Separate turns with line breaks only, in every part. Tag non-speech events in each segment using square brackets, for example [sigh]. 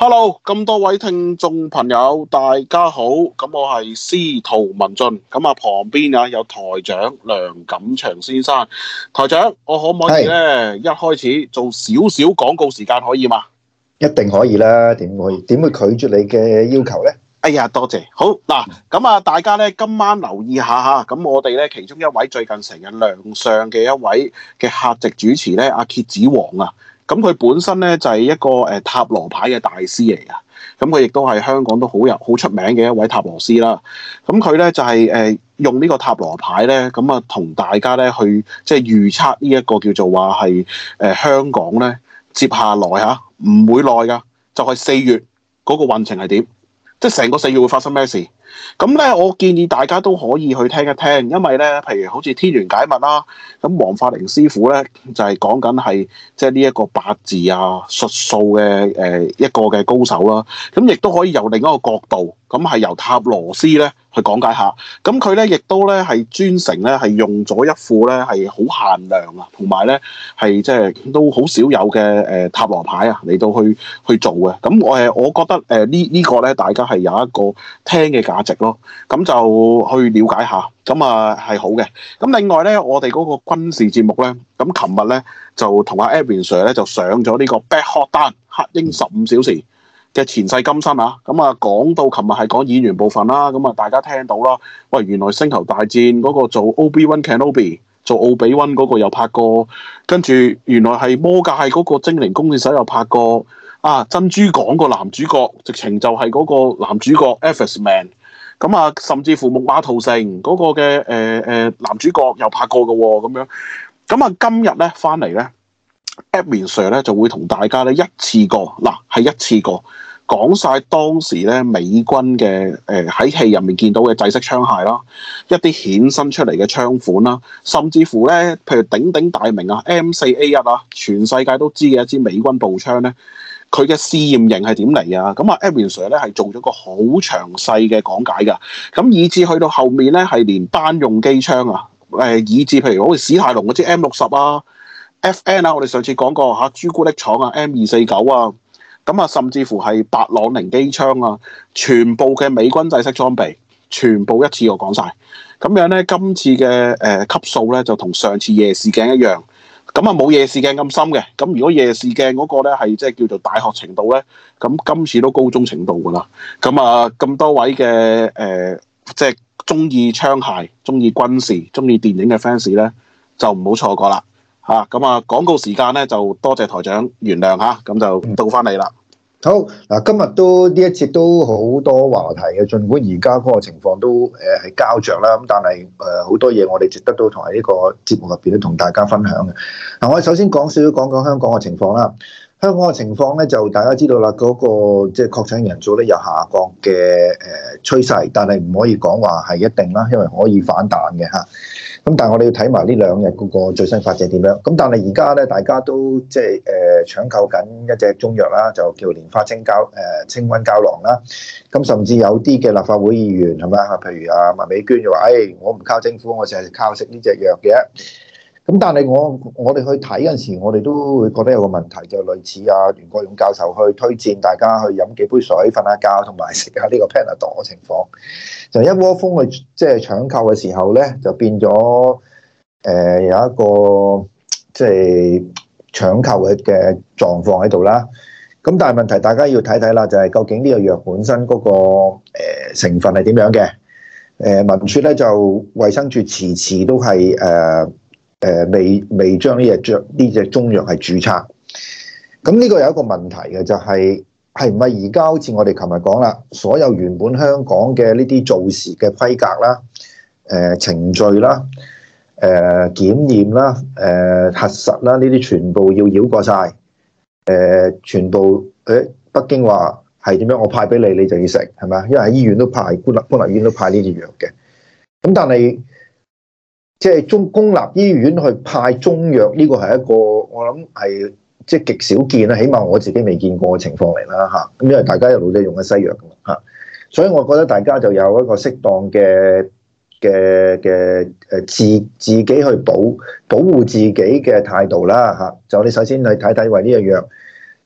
Hello，咁多位聽眾朋友大家好，咁我係司徒文進，咁啊旁邊啊有台長梁錦祥先生，台長，我可唔可以咧是一開始做少少廣告時間可以嘛？一
定可以啦，點可以？點會拒絕你嘅要求咧？哎呀，多謝，
好嗱，咁啊大家咧今晚留意下吓，咁我哋咧其中一位最近成日亮相嘅一位嘅客席主持咧阿蠍子王啊。咁佢、嗯、本身咧就係、是、一個誒、呃、塔羅牌嘅大師嚟㗎，咁佢亦都係香港都好有好出名嘅一位塔羅師啦。咁佢咧就係、是、誒、呃、用呢個塔羅牌咧，咁啊、嗯、同大家咧去即係預測呢一個叫做話係誒香港咧接下來吓唔會耐㗎，就係、是、四月嗰、那個運程係點，即係成個四月會發生咩事。咁咧，我建議大家都可以去聽一聽，因為咧，譬如好似天元解密啦、啊，咁王法靈師傅咧就係、是、講緊係即係呢一個八字啊、術數嘅誒一個嘅高手啦、啊，咁亦都可以由另一個角度，咁係由塔羅斯咧，去講解下，咁佢咧亦都咧係專程咧係用咗一副咧係好限量啊，同埋咧係即係都好少有嘅誒、呃、塔羅牌啊嚟到去去做嘅。咁我誒，我覺得誒、呃這個、呢呢個咧，大家係有一個聽嘅價值咯。咁就去了解下，咁啊係好嘅。咁另外咧，我哋嗰個軍事節目咧，咁琴日咧就同阿 Abby Sir 咧就上咗呢個 Black Hawk Down 黑鷹十五小時。嘅前世今生啊，咁啊講到琴日係講演員部分啦，咁啊大家聽到啦，喂，原來星球大戰嗰個做 Obi-Wan Kenobi 做奧比溫嗰個又拍過，跟住原來係魔戒嗰個精靈弓箭手又拍過，啊珍珠港個男主角直情就係嗰個男主角 Efforts Man，咁啊甚至乎木馬屠城嗰個嘅誒誒男主角又拍過噶喎，咁、啊、樣，咁啊今日咧翻嚟咧 Admission 咧就會同大家咧一次過嗱。係一次過講晒當時咧美軍嘅誒喺戲入面見到嘅制式槍械啦，一啲衍生出嚟嘅槍款啦，甚至乎咧，譬如鼎鼎大名啊 M 四 A 一啊，全世界都知嘅一支美軍步槍咧，佢嘅試驗型係點嚟啊？咁、嗯、啊，Abin Sir 咧係做咗個好詳細嘅講解噶，咁以至去到後面咧係連單用機槍、呃、啊，誒，以至譬如我哋史泰龍嗰支 M 六十啊，FN 啊，我哋上次講過吓朱古力廠啊 M 二四九啊。咁啊，甚至乎係白朗寧機槍啊，全部嘅美軍制式裝備，全部一次過講晒。咁樣呢，今次嘅誒、呃、級數呢，就同上次夜視鏡一樣，咁啊，冇夜視鏡咁深嘅。咁如果夜視鏡嗰個呢係即係叫做大學程度呢，咁今次都高中程度噶啦。咁啊，咁多位嘅誒、呃，即係中意槍械、中意軍事、中意電影嘅 fans 呢，就唔好錯過啦。啊，咁啊，廣告時間咧就多謝台長原諒嚇，咁、啊、就到翻你啦。
好嗱，今日都呢一節都好多話題嘅，儘管而家嗰個情況都誒係膠着啦，咁但係誒好多嘢我哋值得到同喺呢個節目入邊咧同大家分享嘅。嗱、啊，我首先講少少講香港嘅情況啦。香港嘅情況咧就大家知道啦，嗰、那個即係確診人數咧有下降嘅誒、呃、趨勢，但係唔可以講話係一定啦，因為可以反彈嘅嚇。咁但係我哋要睇埋呢兩日嗰個最新發展點樣？咁但係而家咧，大家都即係誒搶購緊一隻中藥啦，就叫蓮花清膠誒、呃、清瘟膠囊啦。咁甚至有啲嘅立法會議員係咪啊？譬如啊麥美娟就話，誒、哎、我唔靠政府，我成日靠食呢隻藥嘅。咁但係我我哋去睇嗰陣時，我哋都會覺得有個問題，就類似阿、啊、袁國勇教授去推薦大家去飲幾杯水、瞓下覺，同埋食下呢個 Panadol 嘅情況。就一窩蜂去即係、就是、搶購嘅時候咧，就變咗誒、呃、有一個即係、就是、搶購嘅嘅狀況喺度啦。咁但係問題，大家要睇睇啦，就係、是、究竟呢個藥本身嗰、那個、呃、成分係點樣嘅？誒、呃、民處咧就衞生處遲，遲遲都係誒。呃誒，未未將呢隻藥呢隻中藥係注冊，咁呢個有一個問題嘅，就係係唔係而家好似我哋琴日講啦，所有原本香港嘅呢啲做事嘅規格啦，誒、呃、程序啦，誒檢驗啦，誒、呃、核實啦，呢啲全部要繞過晒，誒、呃、全部誒、欸、北京話係點樣？我派俾你，你就要食係咪啊？因為喺醫院都派，官立公立醫院都派呢啲藥嘅，咁但係。即係中公立醫院去派中藥呢個係一個我諗係即係極少見啦，起碼我自己未見過嘅情況嚟啦吓。咁因為大家一路都用咗西藥吓，所以我覺得大家就有一個適當嘅嘅嘅誒自自己去保保護自己嘅態度啦吓。就你首先去睇睇為呢個藥，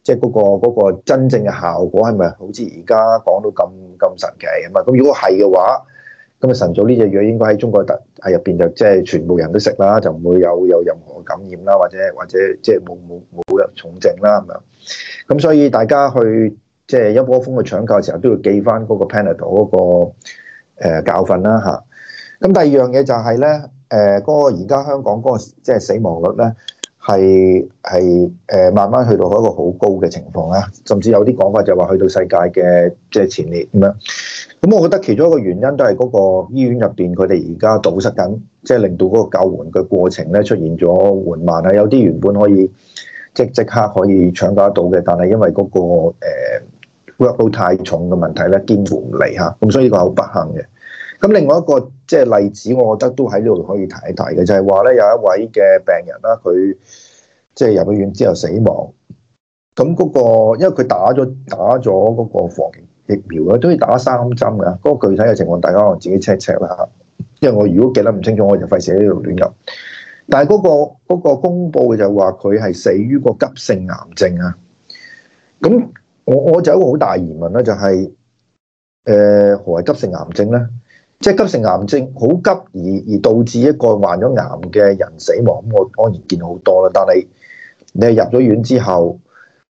即係嗰個嗰個真正嘅效果係咪好似而家講到咁咁神奇咁啊？咁如果係嘅話。咁啊、嗯！晨早呢隻藥應該喺中國特喺入邊就即係全部人都食啦，就唔會有有任何感染啦，或者或者即係冇冇冇入重症啦咁樣。咁所以大家去即係、就是、一窩蜂去搶救嘅時候，都要記翻嗰個 Panadol 嗰、那個、呃、教訓啦嚇。咁第二樣嘢就係、是、咧，誒嗰個而家香港嗰個即係死亡率咧。係係誒，慢慢去到一個好高嘅情況啦、啊，甚至有啲講法就話去到世界嘅即係前列咁樣。咁我覺得其中一個原因都係嗰個醫院入邊佢哋而家堵塞緊，即係令到嗰個救援嘅過程咧出現咗緩慢啊。有啲原本可以即即刻可以搶救得到嘅，但係因為嗰、那個誒 workload 太重嘅問題咧，肩負唔嚟嚇，咁、啊、所以呢個好不幸嘅。咁另外一個即係例子，我覺得都喺呢度可以提一提嘅，就係話咧有一位嘅病人啦，佢即係入咗院之後死亡。咁嗰、那個因為佢打咗打咗嗰個防疫苗啊，都要打三針嘅。嗰、那個具體嘅情況，大家可能自己 check check 啦嚇。因為我如果記得唔清楚，我就費事喺呢度亂噏。但係嗰、那個嗰、那個公佈就係話佢係死於個急性癌症啊。咁我我就有個好大疑問啦，就係、是、誒、呃、何為急性癌症咧？即係急性癌症好急而而導致一個患咗癌嘅人死亡，咁我當然見好多啦。但係你係入咗院之後，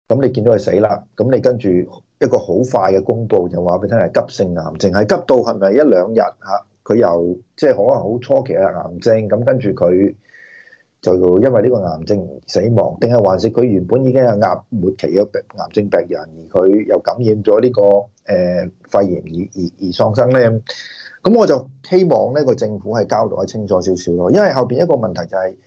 咁你見到佢死啦，咁你跟住一個好快嘅公佈就話俾你聽係急性癌症，係急到係咪一兩日吓？佢又即係可能好初期嘅癌症，咁跟住佢，就因為呢個癌症死亡，定係還是佢原本已經有癌末期嘅癌症病人，而佢又感染咗呢、呢個誒、呃、肺炎而而而喪生呢？咁我就希望呢、呢個政府係交代清楚少少咯，因為後邊一個問題就係、是、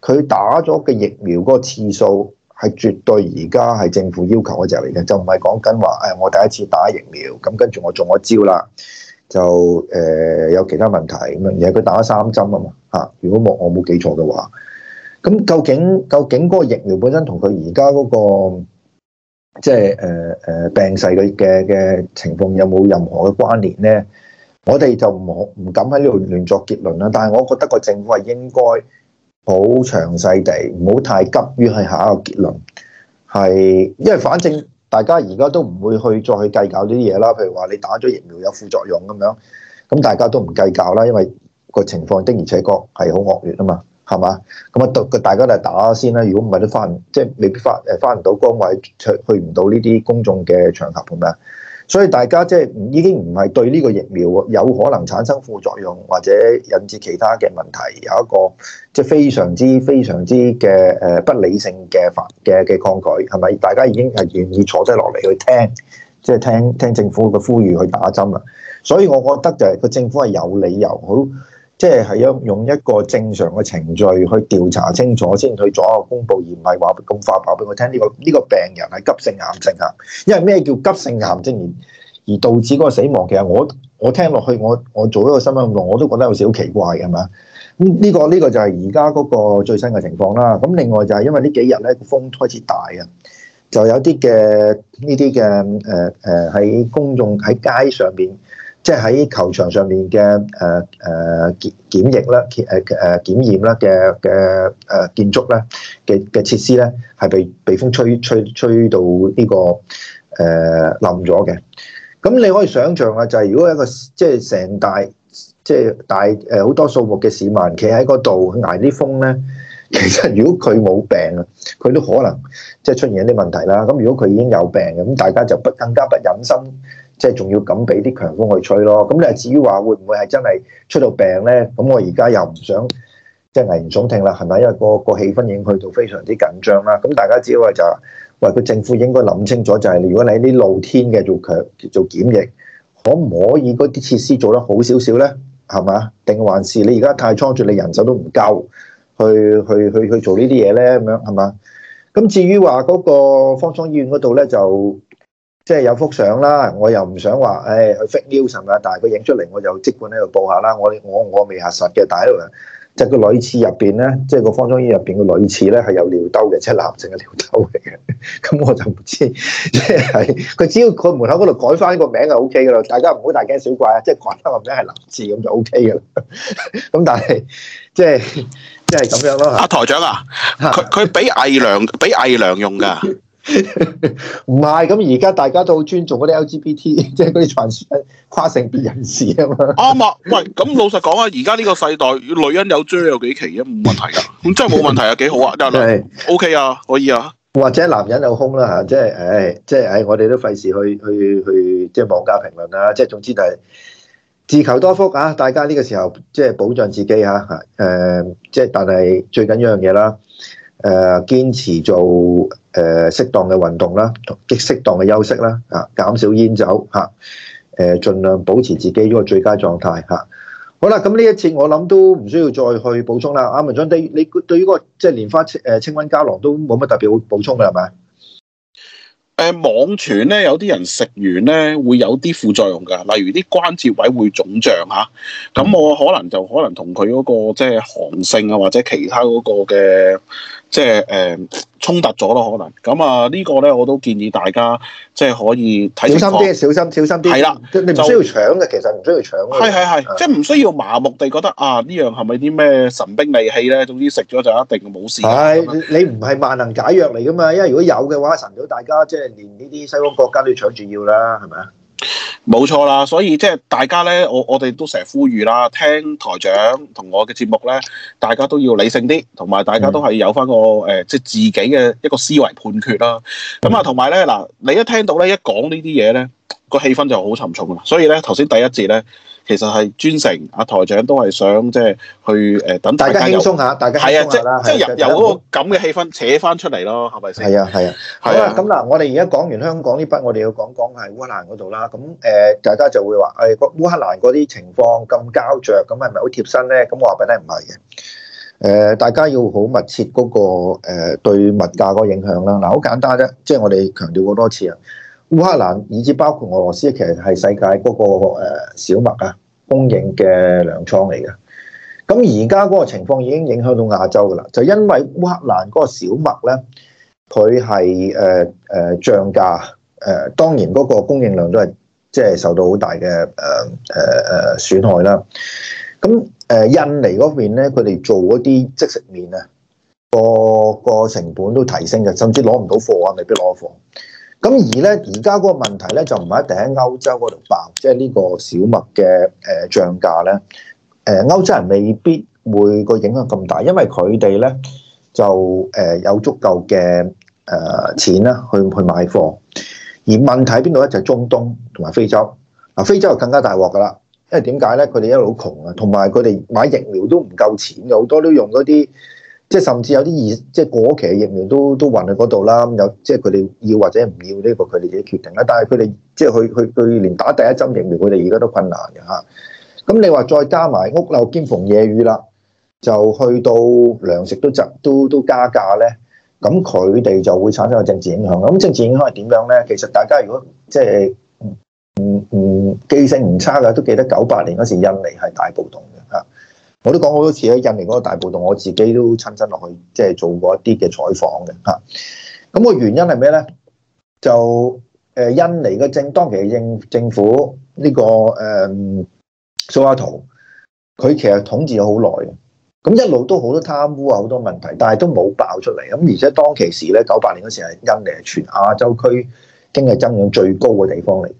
佢打咗嘅疫苗嗰個次數係絕對而家係政府要求嗰隻嚟嘅，就唔係講緊話誒我第一次打疫苗咁跟住我中咗招啦，就誒、呃、有其他問題咁啊，而係佢打咗三針嘛啊嘛嚇，如果我我冇記錯嘅話。咁究竟究竟嗰個疫苗本身同佢而家嗰個即係誒誒病逝嘅嘅情況有冇任何嘅關聯呢？我哋就唔唔敢喺呢度亂作結論啦。但係我覺得個政府係應該好詳細地，唔好太急於去下一個結論。係因為反正大家而家都唔會去再去計較呢啲嘢啦。譬如話你打咗疫苗有副作用咁樣，咁大家都唔計較啦，因為個情況的而且確係好惡劣啊嘛。係嘛？咁啊，個大家打都打先啦。如果唔係都翻，即係未必翻誒翻唔到崗位，去去唔到呢啲公眾嘅場合咁樣。所以大家即係已經唔係對呢個疫苗有可能產生副作用或者引致其他嘅問題有一個即係非常之非常之嘅誒不理性嘅反嘅嘅抗拒係咪？大家已經係願意坐低落嚟去聽，即係聽聽政府嘅呼籲去打針啦。所以我覺得就係個政府係有理由好。即係係一用一個正常嘅程序去調查清楚先去咗公布，而唔係話咁發話俾我聽。呢個呢個病人係急性癌症啊，因為咩叫急性癌症？而而導致嗰個死亡嘅？其實我我聽落去，我我做一個新聞咁做，我都覺得有少少奇怪嘅嘛。呢個呢個就係而家嗰個最新嘅情況啦。咁另外就係因為幾呢幾日咧風開始大啊，就有啲嘅呢啲嘅誒誒喺公眾喺街上邊。即係喺球場上面嘅誒誒檢檢疫啦、檢誒誒檢驗啦嘅嘅誒建築啦嘅嘅設施咧，係被被風吹吹吹到呢個誒冧咗嘅。咁你可以想象啊，就係如果一個即係成大即係大誒好多數目嘅市民企喺嗰度挨啲風咧，其實如果佢冇病啊，佢都可能即係出現一啲問題啦。咁如果佢已經有病嘅，咁大家就不更加不忍心，即係仲要咁俾啲強風去吹咯，咁啊至於話會唔會係真係出到病咧？咁我而家又唔想即係、就是、危言聳聽啦，係咪？因為、那個、那個氣氛已經去到非常之緊張啦。咁大家知嘅就話、是，個政府應該諗清楚、就是，就係如果你喺啲露天嘅做強做檢疫，可唔可以嗰啲設施做得好少少咧？係嘛？定還是你而家太倉促，你人手都唔夠，去去去去做呢啲嘢咧？咁樣係嘛？咁至於話嗰個方艙醫院嗰度咧，就～即係有幅相啦，我又唔想話，誒、哎、去 fake news 咁啊，但係佢影出嚟，我就即管喺度報下啦。我我我未核實嘅，但係就個、是就是、女廁入邊咧，即係個方中醫入邊個女廁咧，係有尿兜嘅，即係男性嘅尿兜嚟嘅。咁我就唔知，即係佢只要佢門口嗰度改翻個名就 O K 噶啦。大家唔好大驚小怪、就是 [laughs] 嗯、啊，即係改翻個名係男廁咁就 O K 噶啦。咁但係即係即係咁樣咯。阿台長啊，佢佢
俾偽娘俾偽娘用噶。 [laughs]
唔係，咁而家大家都好尊重嗰啲 LGBT，即係嗰啲殘跨性別人士啊嘛。啱啊，喂，咁老實講
啊，而家呢個世代，女人有 J 又幾奇啊，冇問題噶。咁真係冇問題啊，幾好啊，得啦 [laughs] 的，OK 啊，可以啊。
或者男人有胸啦，吓，即係，唉、哎，即係，唉、哎，我哋都費事去去去，去，即係妄加評論啦。即係總之就係自求多福啊！大家呢個時候即係保障自己吓、啊，誒、嗯，即係但係最緊要樣嘢啦。誒，堅持做誒適當嘅運動啦，極適當嘅休息啦，啊，減少煙酒吓，誒盡量保持自己嗰個最佳狀態吓。好啦，咁呢一次我諗都唔需要再去補充啦。阿文進，對你對呢個即係蓮花誒清瘟膠囊都冇乜特別好補充嘅係咪？
誒網傳咧，有啲人食完咧會有啲副作用噶，例如啲關節位會腫脹吓。咁我可能就可能同佢嗰個即係寒性啊，或者其他嗰個嘅。即係誒衝突咗咯，可能咁啊、這個、呢個咧，我都建議大家即係可以小心啲，小心小心啲。係啦的，你唔需要
搶嘅，就其實唔需要搶嘅。係係係，的
即係唔需要麻木地覺得啊呢樣係咪啲咩神兵利器咧？總之食咗就一定冇事。
係的樣你唔係萬能解藥嚟噶嘛？因為如果有嘅話，神到大家即係連
呢啲西方國家都要搶住要啦，係咪啊？冇錯啦，所以即係大家咧，我我哋都成日呼籲啦，聽台長同我嘅節目咧，大家都要理性啲，同埋大家都係有翻個誒，即、呃、係自己嘅一個思維判決啦。咁啊，同埋咧嗱，你一聽到咧一講呢啲嘢咧，個氣氛就好沉重啦。所以咧，頭先第一節咧。其實係專誠，阿台長都係想即係去誒等大家輕鬆下，大家係啊，即即由由嗰個咁嘅氣氛
扯翻出嚟咯，係咪先？係啊係啊，好啦，咁嗱，我哋而家講完香港呢筆，我哋要講講係烏克蘭嗰度啦。咁誒，大家就會話誒個烏克蘭嗰啲情況咁膠著，咁係咪好貼身咧？咁我話俾你聽唔係嘅。誒，大家要好密切嗰個誒對物價嗰個影響啦。嗱，好簡單啫，即係我哋強調好多次啊。烏克蘭，以至包括俄羅斯，其實係世界嗰個誒小麥啊供應嘅糧倉嚟嘅。咁而家嗰個情況已經影響到亞洲噶啦，就因為烏克蘭嗰個小麥咧，佢係誒誒漲價，誒、呃、當然嗰個供應量都係即係受到好大嘅誒誒誒損害啦。咁、呃、誒印尼嗰邊咧，佢哋做嗰啲即食麵啊，個個成本都提升嘅，甚至攞唔到貨啊，未必攞貨。咁而咧，而家嗰個問題咧就唔係一定喺歐洲嗰度爆，即係呢個小麥嘅誒漲價咧，誒歐洲人未必會個影響咁大，因為佢哋咧就誒有足夠嘅誒錢啦去去買貨。而問題喺邊度咧？就係中東同埋非洲。嗱，非洲就更加大鑊噶啦，因為點解咧？佢哋一路好窮啊，同埋佢哋買疫苗都唔夠錢嘅，好多都用嗰啲。即係甚至有啲二，即係過期疫苗都都運去嗰度啦。咁有即係佢哋要或者唔要，呢個佢哋自己決定啦。但係佢哋即係去去去連打第一針疫苗，佢哋而家都困難嘅嚇。咁你話再加埋屋漏兼逢夜雨啦，就去到糧食都都都加價咧。咁佢哋就會產生個政治影響。咁政治影響係點樣咧？其實大家如果即係唔唔記性唔差嘅，都記得九八年嗰時印尼係大暴動。我都講好多次啦，印尼嗰個大暴動，我自己都親身落去，即係做過一啲嘅採訪嘅嚇。咁、嗯、那個原因係咩咧？就誒、呃、印尼嘅政當時嘅政政府呢、這個誒、呃、蘇哈托，佢其實統治咗好耐嘅，咁一路都好多貪污啊，好多問題，但係都冇爆出嚟。咁、嗯、而且當其時咧，九八年嗰時係印尼係全亞洲區經濟增長最高嘅地方嚟，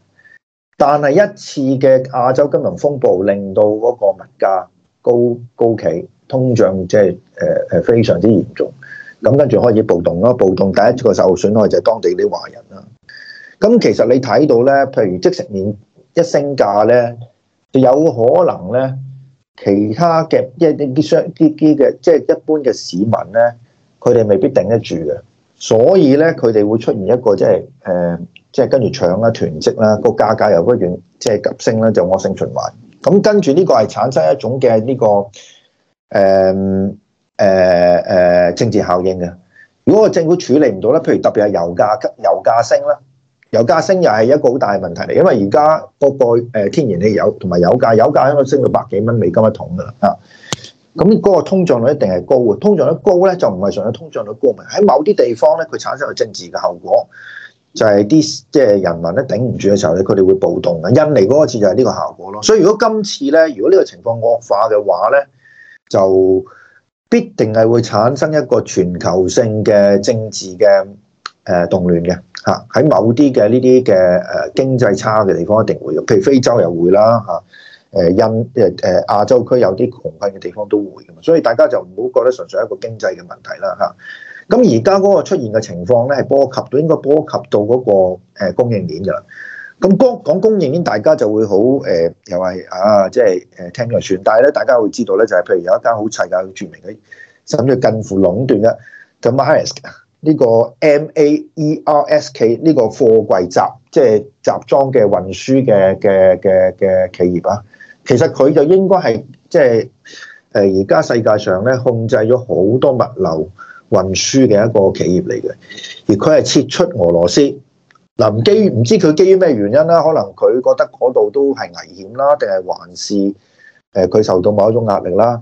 但係一次嘅亞洲金融風暴令到嗰個物價高高企，通脹即係誒誒非常之嚴重，咁跟住開始暴動咯。暴動第一個受損害就係當地啲華人啦。咁、嗯、其實你睇到咧，譬如即食麵一升價咧，就有可能咧，其他嘅一啲啲商啲啲嘅即係一般嘅市民咧，佢哋未必頂得住嘅。所以咧，佢哋會出現一個即係誒，即係、呃、跟住搶啦、囤積啦，個價格又不斷即係急升啦，就惡、是、性循環。咁跟住呢個係產生一種嘅呢個誒誒誒政治效應嘅。如果個政府處理唔到咧，譬如特別係油價，油價升啦，油價升又係一個好大問題嚟。因為而家個個天然氣油同埋油價，油價已經升到百幾蚊美金一桶㗎啦。啊，咁嗰個通脹率一定係高嘅，通脹率高咧就唔係純粹通脹率高，喺某啲地方咧佢產生咗政治嘅後果。就係啲即係人民咧頂唔住嘅時候咧，佢哋會暴動嘅。印尼嗰一次就係呢個效果咯。所以如果今次咧，如果呢個情況惡化嘅話咧，就必定係會產生一個全球性嘅政治嘅誒動亂嘅嚇。喺某啲嘅呢啲嘅誒經濟差嘅地方一定會，譬如非洲又會啦嚇。誒印誒誒亞洲區有啲窮困嘅地方都會嘅嘛。所以大家就唔好覺得純粹係一個經濟嘅問題啦嚇。咁而家嗰個出現嘅情況咧，係波及到應該波及到嗰個誒供應鏈㗎喇。咁講講供應鏈，大家就會好誒、呃，又係啊，即係誒聽個算。但係咧，大家會知道咧，就係、是、譬如有一間好齊㗎、好著名嘅，甚至近乎壟斷嘅，就 m,、ah、k, m a e 呢個 Maersk 呢個貨櫃集即係、就是、集裝嘅運輸嘅嘅嘅嘅企業啊。其實佢就應該係即係誒而家世界上咧控制咗好多物流。運輸嘅一個企業嚟嘅，而佢係撤出俄羅斯。嗱、啊，基唔知佢基於咩原因啦？可能佢覺得嗰度都係危險啦，定係還是誒佢受到某一種壓力啦？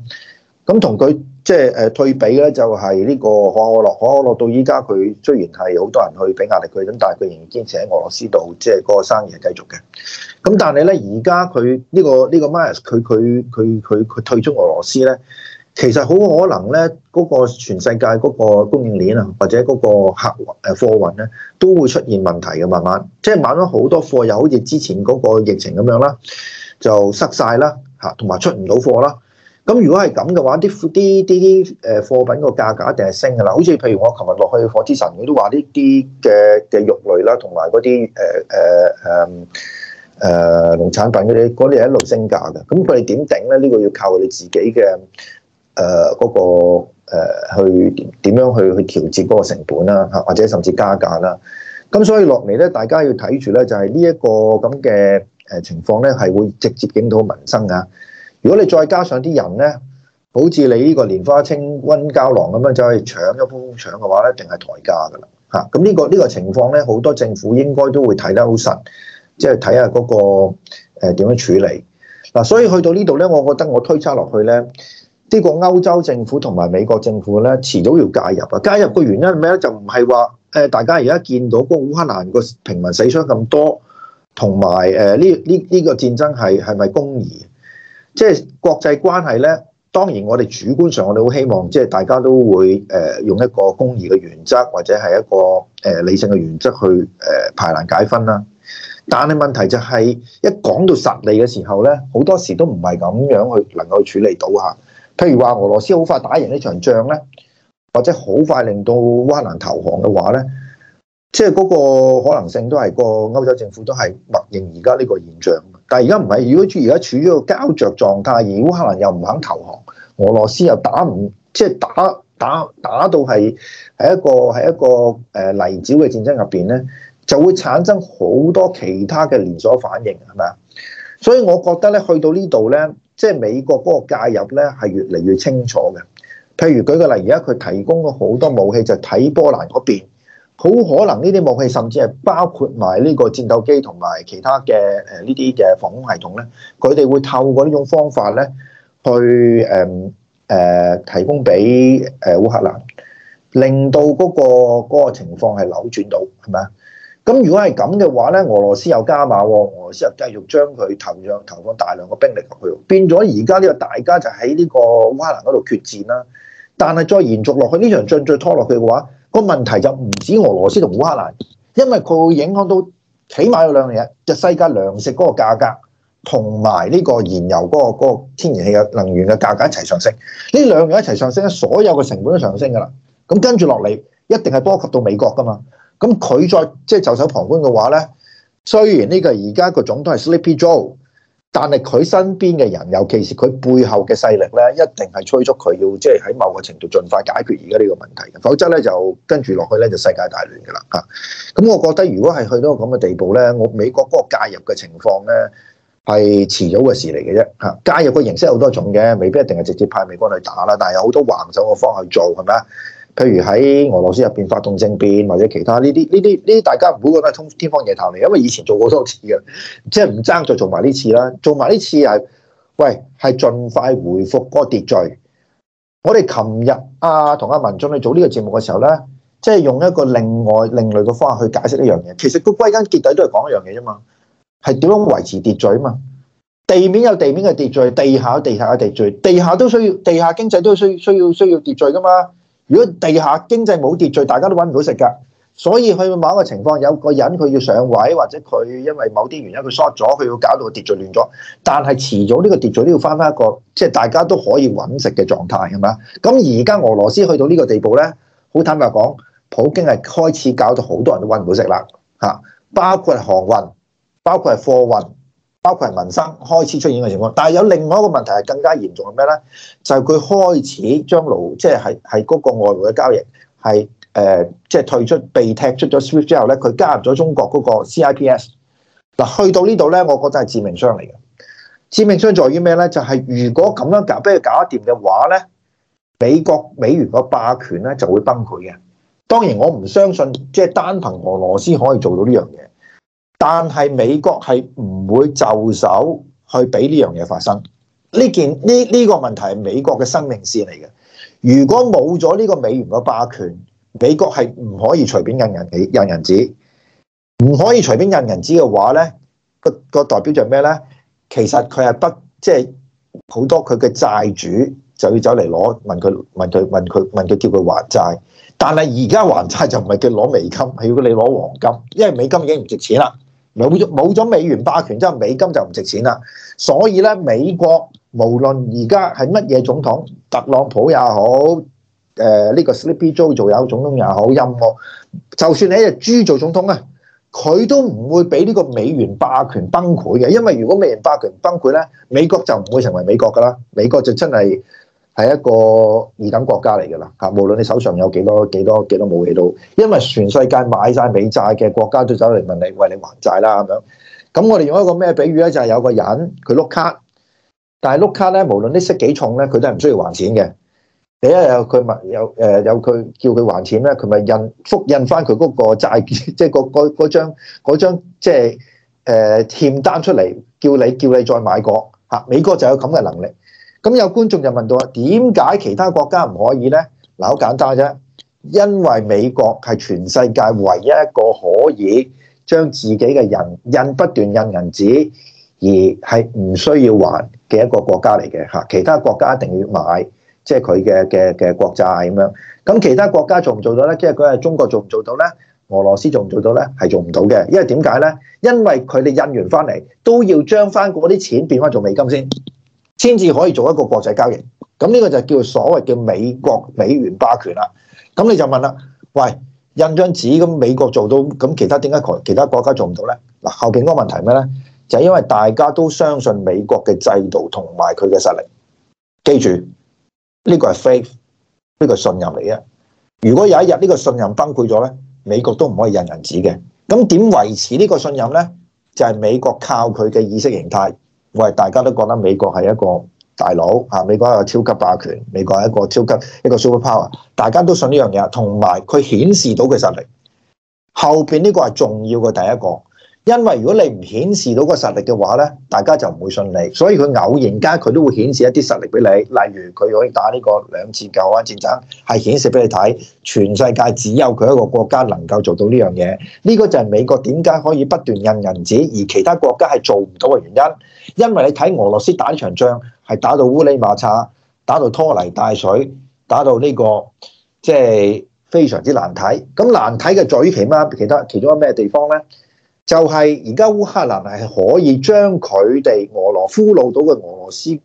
咁同佢即係誒對比咧，就係、是呃、呢、就是這個可可樂，可可樂到依家佢雖然係好多人去俾壓力佢，咁但係佢仍然堅持喺俄羅斯度，即、就、係、是、個生意係繼續嘅。咁但係咧，而家佢呢個呢、這個 Maersk 佢佢佢佢佢退出俄羅斯咧。其實好可能咧，嗰、那個全世界嗰個供應鏈啊，或者嗰個客誒貨運咧，都會出現問題嘅。慢慢，即、就、係、是、慢咗好多貨又好似之前嗰個疫情咁樣啦，就塞晒啦，嚇，同埋出唔到貨啦。咁如果係咁嘅話，啲啲啲誒貨品個價格一定係升㗎啦。好似譬如我琴日落去火之神，佢都話呢啲嘅嘅肉類啦，同埋嗰啲誒誒誒誒農產品嗰啲，啲係一路升價嘅。咁佢哋點頂咧？呢、這個要靠你自己嘅。誒嗰、呃那個、呃、去點樣去去調節嗰個成本啦、啊、嚇，或者甚至加價啦、啊。咁所以落嚟咧，大家要睇住咧，就係呢一個咁嘅誒情況咧，係會直接影響到民生啊。如果你再加上啲人咧，好似你呢個蓮花清瘟膠囊咁樣走去搶一鋪鋪搶嘅話咧，定係抬價噶啦嚇。咁、啊、呢、這個呢、這個情況咧，好多政府應該都會睇得好實，即係睇下嗰、那個誒點、呃、樣處理嗱、啊。所以去到呢度咧，我覺得我推測落去咧。呢個歐洲政府同埋美國政府咧，遲早要介入啊！介入個原因係咩咧？就唔係話誒，大家而家見到個烏克蘭個平民死傷咁多，同埋誒呢呢呢個戰爭係係咪公義？即係國際關係咧，當然我哋主觀上我哋好希望，即係大家都會誒、呃、用一個公義嘅原則，或者係一個誒、呃、理性嘅原則去誒、呃、排難解紛啦。但係問題就係、是、一講到實利嘅時候咧，好多時都唔係咁樣去能夠去處理到啊！譬如話俄羅斯好快打贏呢場仗咧，或者好快令到烏克蘭投降嘅話咧，即係嗰個可能性都係個歐洲政府都係默認而家呢個現象。但係而家唔係，如果而家處於一個膠著狀態，而烏克蘭又唔肯投降，俄羅斯又打唔即係打打打到係喺一個係一個誒泥沼嘅戰爭入邊咧，就會產生好多其他嘅連鎖反應，係咪啊？所以我覺得咧，去到呢度咧。即係美國嗰個介入咧係越嚟越清楚嘅，譬如舉個例，而家佢提供咗好多武器就睇、係、波蘭嗰邊，好可能呢啲武器甚至係包括埋呢個戰鬥機同埋其他嘅誒呢啲嘅防空系統咧，佢哋會透過呢種方法咧去誒誒、呃呃、提供俾誒烏克蘭，令到嗰、嗰個嗰個情況係扭轉到係咪啊？咁如果係咁嘅話咧，俄羅斯又加碼喎，俄羅斯又繼續將佢投入投放大量嘅兵力入去，變咗而家呢個大家就喺呢個烏克蘭嗰度決戰啦。但係再延續落去呢場仗再拖落去嘅話，個問題就唔止俄羅斯同烏克蘭，因為佢會影響到起碼有兩樣嘢，就世界糧食嗰個價格同埋呢個燃油嗰個嗰個天然氣嘅能源嘅價格一齊上升。呢兩樣一齊上升咧，所有嘅成本都上升㗎啦。咁跟住落嚟一定係波及到美國㗎嘛。咁佢再即係袖手旁觀嘅話咧，雖然呢個而家個總統係 Sleepy Joe，但係佢身邊嘅人，尤其是佢背後嘅勢力咧，一定係催促佢要即係喺某個程度盡快解決而家呢個問題嘅，否則咧就跟住落去咧就世界大亂嘅啦嚇。咁、啊、我覺得如果係去到咁嘅地步咧，我美國嗰個介入嘅情況咧係遲早嘅事嚟嘅啫嚇。介入嘅形式有好多種嘅，未必一定係直接派美國去打啦，但係有好多橫手嘅方向去做係咪啊？譬如喺俄羅斯入邊發動政變，或者其他呢啲呢啲呢啲，大家唔會覺得通天方夜譚嚟，因為以前做過多次嘅，即係唔爭再做埋呢次啦，做埋呢次係，喂，係盡快回復個秩序。我哋琴日啊，同阿文進去做呢個節目嘅時候咧，即係用一個另外另類嘅方法去解釋呢樣嘢。其實個歸根結底都係講一樣嘢啫嘛，係點樣維持秩序啊嘛？地面有地面嘅秩序，地下有地下嘅秩，秩序，地下都需要，地下經濟都需要需要需要秩序噶嘛？如果地下經濟冇秩序，大家都揾唔到食噶，所以去某一個情況，有個人佢要上位，或者佢因為某啲原因佢 short 咗，佢要搞到個秩序亂咗。但係遲早呢個秩序都要翻翻一個，即係大家都可以揾食嘅狀態，係咪啊？咁而家俄羅斯去到呢個地步呢，好坦白講，普京係開始搞到好多人都揾唔到食啦，嚇，包括係航運，包括係貨運。包括民生開始出現嘅情況，但係有另外一個問題係更加嚴重，係咩咧？就係佢、是、開始將盧，即係係係嗰個外匯嘅交易，係誒，即係、呃就是、退出，被踢出咗 SWIFT 之後咧，佢加入咗中國嗰個 CIPS。嗱，去到呢度咧，我覺得係致命傷嚟嘅。致命傷在於咩咧？就係、是、如果咁樣搞，俾佢搞掂嘅話咧，美國美元個霸權咧，就會崩潰嘅。當然我唔相信，即、就、係、是、單憑俄羅斯可以做到呢樣嘢。但係美國係唔會就手去俾呢樣嘢發生，呢件呢呢、呢個問題係美國嘅生命線嚟嘅。如果冇咗呢個美元嘅霸權，美國係唔可，可以隨便印人紙，印人紙唔可以隨便印人紙嘅話咧，個代表就咩咧？其實佢係不即係好多佢嘅債主就要走嚟攞問佢問佢問佢問佢叫佢還債，但係而家還債就唔係叫攞美金，係如果你攞黃金，因為美金已經唔值錢啦。冇咗冇咗美元霸權之後，美金就唔值錢啦。所以咧，美國無論而家係乜嘢總統，特朗普也好，誒、呃、呢、呢個 Sleepy Joe 做有總統也好，任何，就算你係豬做總統啊，佢都唔會俾呢個美元霸權崩潰嘅。因為如果美元霸權崩潰咧，美國就唔會成為美國噶啦，美國就真係。係一個二等國家嚟㗎啦嚇，無論你手上有幾多幾多幾多武器都，因為全世界買晒美債嘅國家都走嚟問你，喂，你還債啦咁樣。咁我哋用一個咩比喻咧？就係、是、有個人佢碌卡，但係碌卡咧，無論啲息幾重咧，佢都係唔需要還錢嘅。你一有佢問有誒有佢叫佢還錢咧，佢咪印複印翻佢嗰個債，即係個個嗰張嗰張即係誒欠單出嚟，叫你叫你再買過嚇。美國就有咁嘅能力。咁有觀眾就問到啊，點解其他國家唔可以呢？嗱，好簡單啫，因為美國係全世界唯一一個可以將自己嘅人印不斷印銀紙，而係唔需要還嘅一個國家嚟嘅嚇。其他國家一定要買，即係佢嘅嘅嘅國債咁樣。咁其他國家做唔做到呢？即係佢係中國做唔做到呢？俄羅斯做唔做到呢？係做唔到嘅，因為點解呢？因為佢哋印完翻嚟都要將翻嗰啲錢變翻做美金先。先至可以做一個國際交易，咁呢個就叫所謂嘅美國美元霸權啦。咁你就問啦，喂，印張紙咁美國做到，咁其他點解其他國家做唔到呢？嗱，後邊嗰個問題咩呢？就係因為大家都相信美國嘅制度同埋佢嘅實力。記住呢個係 faith，呢個信任嚟嘅。如果有一日呢個信任崩潰咗呢，美國都唔可以印銀紙嘅。咁點維持呢個信任呢？就係美國靠佢嘅意識形態。喂，大家都覺得美國係一個大佬嚇、啊，美國係一個超級霸權，美國係一個超級一個 super power，大家都信呢樣嘢，同埋佢顯示到佢實力。後邊呢個係重要嘅第一個，因為如果你唔顯示到個實力嘅話咧，大家就唔會信你。所以佢偶然間佢都會顯示一啲實力俾你，例如佢可以打呢個兩次舊啊戰爭，係顯示俾你睇，全世界只有佢一個國家能夠做到呢樣嘢。呢、這個就係美國點解可以不斷印銀紙，而其他國家係做唔到嘅原因。因為你睇俄羅斯打呢場仗係打到烏裡馬叉，打到拖泥帶水，打到呢、這個即係、就是、非常之難睇。咁難睇嘅在於其媽，其他其中一咩地方呢？就係而家烏克蘭係可以將佢哋俄羅俘虜到嘅俄羅斯，斯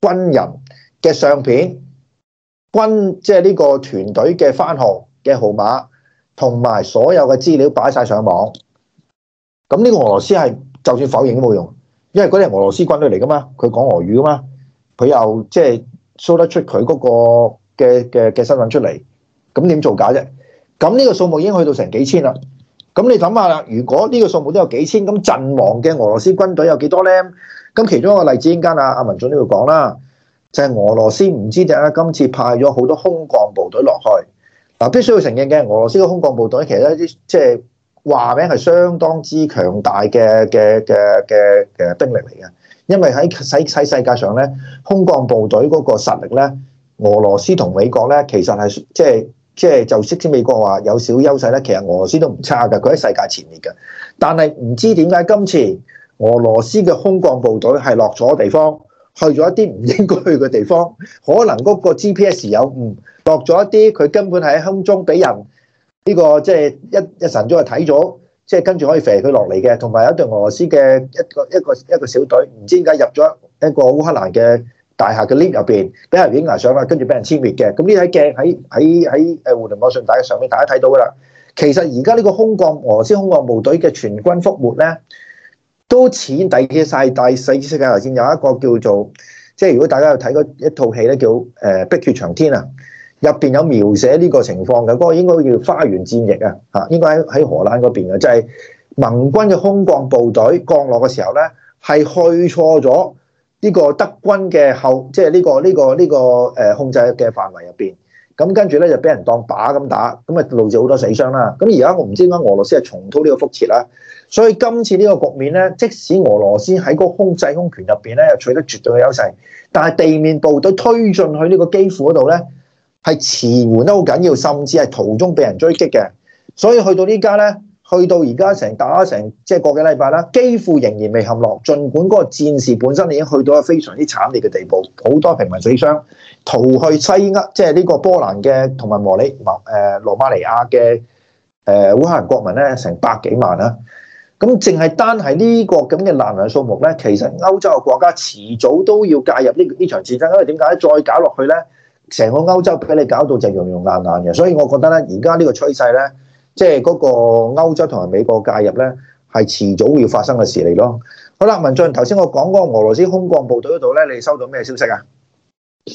軍人嘅相片、軍即係呢個團隊嘅番號嘅號碼，同埋所有嘅資料擺晒上網。咁呢個俄羅斯係就算否認都冇用。因為嗰啲係俄羅斯軍隊嚟噶嘛，佢講俄語噶嘛，佢又即係 show 得出佢嗰個嘅嘅嘅身份出嚟，咁點做假啫？咁呢個數目已經去到成幾千啦。咁你諗下啦，如果呢個數目都有幾千，咁陣亡嘅俄羅斯軍隊有幾多呢？咁其中一個例子，依家啊啊文進都會講啦，就係俄羅斯唔知點解今次派咗好多空降部隊落去。嗱，必須要承認嘅，俄羅斯嘅空降部隊其實咧啲即係。話名係相當之強大嘅嘅嘅嘅嘅兵力嚟嘅，因為喺世世世界上咧，空降部隊嗰個實力咧，俄羅斯同美國咧，其實係、就是就是、即係即係就即使美國話有少優勢咧，其實俄羅斯都唔差㗎，佢喺世界前列嘅。但係唔知點解今次俄羅斯嘅空降部隊係落咗地方，去咗一啲唔應該去嘅地方，可能嗰個 GPS 有誤，落咗一啲佢根本喺空中俾人。呢個即係一一神鐘就睇咗，即係跟住可以飛佢落嚟嘅。同埋有一隊俄羅斯嘅一個一個一個小隊，唔知點解入咗一個烏克蘭嘅大廈嘅 lift 入邊，俾人影埋相啦，跟住俾人殲滅嘅。咁呢啲喺鏡喺喺喺誒互聯網上大上面大家睇到噶啦。其實而家呢個空降俄羅斯空降部隊嘅全軍覆沒咧，都似啲曬大世界頭先有一個叫做即係如果大家有睇過一套戲咧，叫誒《碧血長天》啊。入邊有描寫呢個情況嘅，嗰、那個應該叫花園戰役啊！嚇，應該喺喺荷蘭嗰邊嘅，就係、是、盟軍嘅空降部隊降落嘅時候咧，係去錯咗呢個德軍嘅後，即係呢、這個呢、這個呢、這個誒控制嘅範圍入邊。咁跟住咧就俾人當靶咁打，咁啊導致好多死傷啦。咁而家我唔知點解俄羅斯係重蹈呢個覆轍啦。所以今次呢個局面咧，即使俄羅斯喺個空制空權入邊咧，又取得絕對嘅優勢，但係地面部隊推進去呢個基輔嗰度咧，係馳援得好緊要，甚至係途中俾人追擊嘅，所以去到呢家呢，去到而家成打成即係個幾禮拜啦，幾乎仍然未陷落。儘管嗰個戰事本身已經去到非常之慘烈嘅地步，好多平民死傷，逃去西厄，即係呢個波蘭嘅同埋和里，誒羅馬尼亞嘅誒烏克蘭國民呢，成百幾萬啦、啊。咁淨係單係呢個咁嘅難民數目呢，其實歐洲嘅國家遲早都要介入呢呢場戰爭，因為點解？再搞落去呢？成個歐洲俾你搞到就融融爛爛嘅，所以我覺得咧，而家呢個趨勢咧，即係嗰個歐洲同埋美國介入咧，係遲早會發生嘅事嚟咯。好啦，文進，頭先我講嗰個俄羅斯空降部隊嗰度咧，你收到咩消息啊？
誒、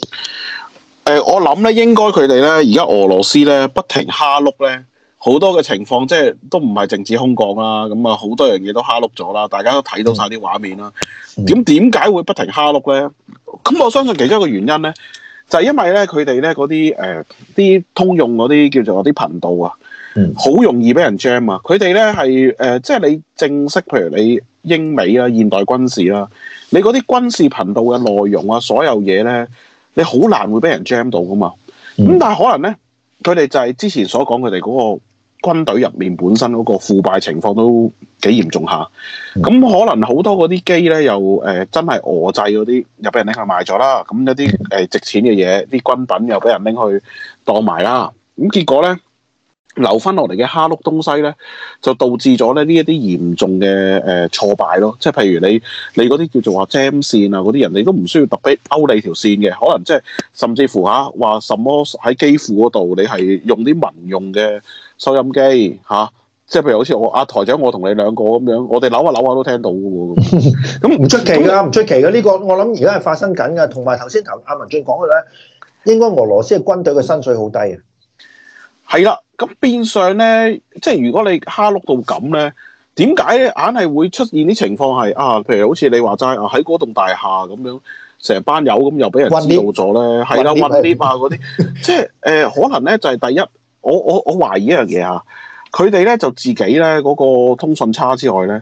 呃，我諗咧，應該佢哋咧，而家俄羅斯咧不停蝦碌咧，好多嘅情況即係都唔係淨止空降啦，咁啊，好多樣嘢都蝦碌咗啦，大家都睇到晒啲畫面啦。點點解會不停蝦碌咧？咁我相信其中一個原因咧。就因為咧，佢哋咧嗰啲誒啲通用嗰啲叫做嗰啲頻道啊，好、嗯、容易俾人 jam 啊！佢哋咧係誒，即係你正式譬如你英美啊、現代軍事啦、啊，你嗰啲軍事頻道嘅內容啊，所有嘢咧，你好難會俾人 jam 到㗎嘛。咁、嗯、但係可能咧，佢哋就係之前所講佢哋嗰個。軍隊入面本身嗰個腐敗情況都幾嚴重下，咁可能好多嗰啲機咧又誒、呃、真係俄製嗰啲又俾人拎去賣咗啦，咁一啲誒、呃、值錢嘅嘢，啲軍品又俾人拎去當埋啦，咁結果咧。留翻落嚟嘅蝦碌東西咧，就導致咗咧呢一啲嚴重嘅誒挫敗咯。即係譬如你你嗰啲叫做話 Jam 線啊，嗰啲人你都唔需要特別勾你條線嘅，可能即係甚至乎嚇話什麼喺機庫嗰度，你係用啲民用嘅收音機嚇。即係譬如好似我阿台長，我同你兩個咁樣，我哋扭下扭下都聽到㗎喎。咁
唔出奇噶，唔出奇嘅呢個我諗而家係發生緊噶。同埋頭先頭阿文俊講嘅咧，應該俄羅斯嘅軍隊嘅薪水好低啊。係啦，咁變
相咧，即係如果你蝦碌到咁咧，點解硬係會出現啲情況係啊？譬如好似你話齋啊，喺嗰棟大廈咁樣成班友咁又俾人知道咗咧，係啦，混貼啊嗰啲， [laughs] 即係誒、呃、可能咧就係、是、第一，我我我懷疑一樣嘢嚇，佢哋咧就自己咧嗰、那個通訊差之外咧，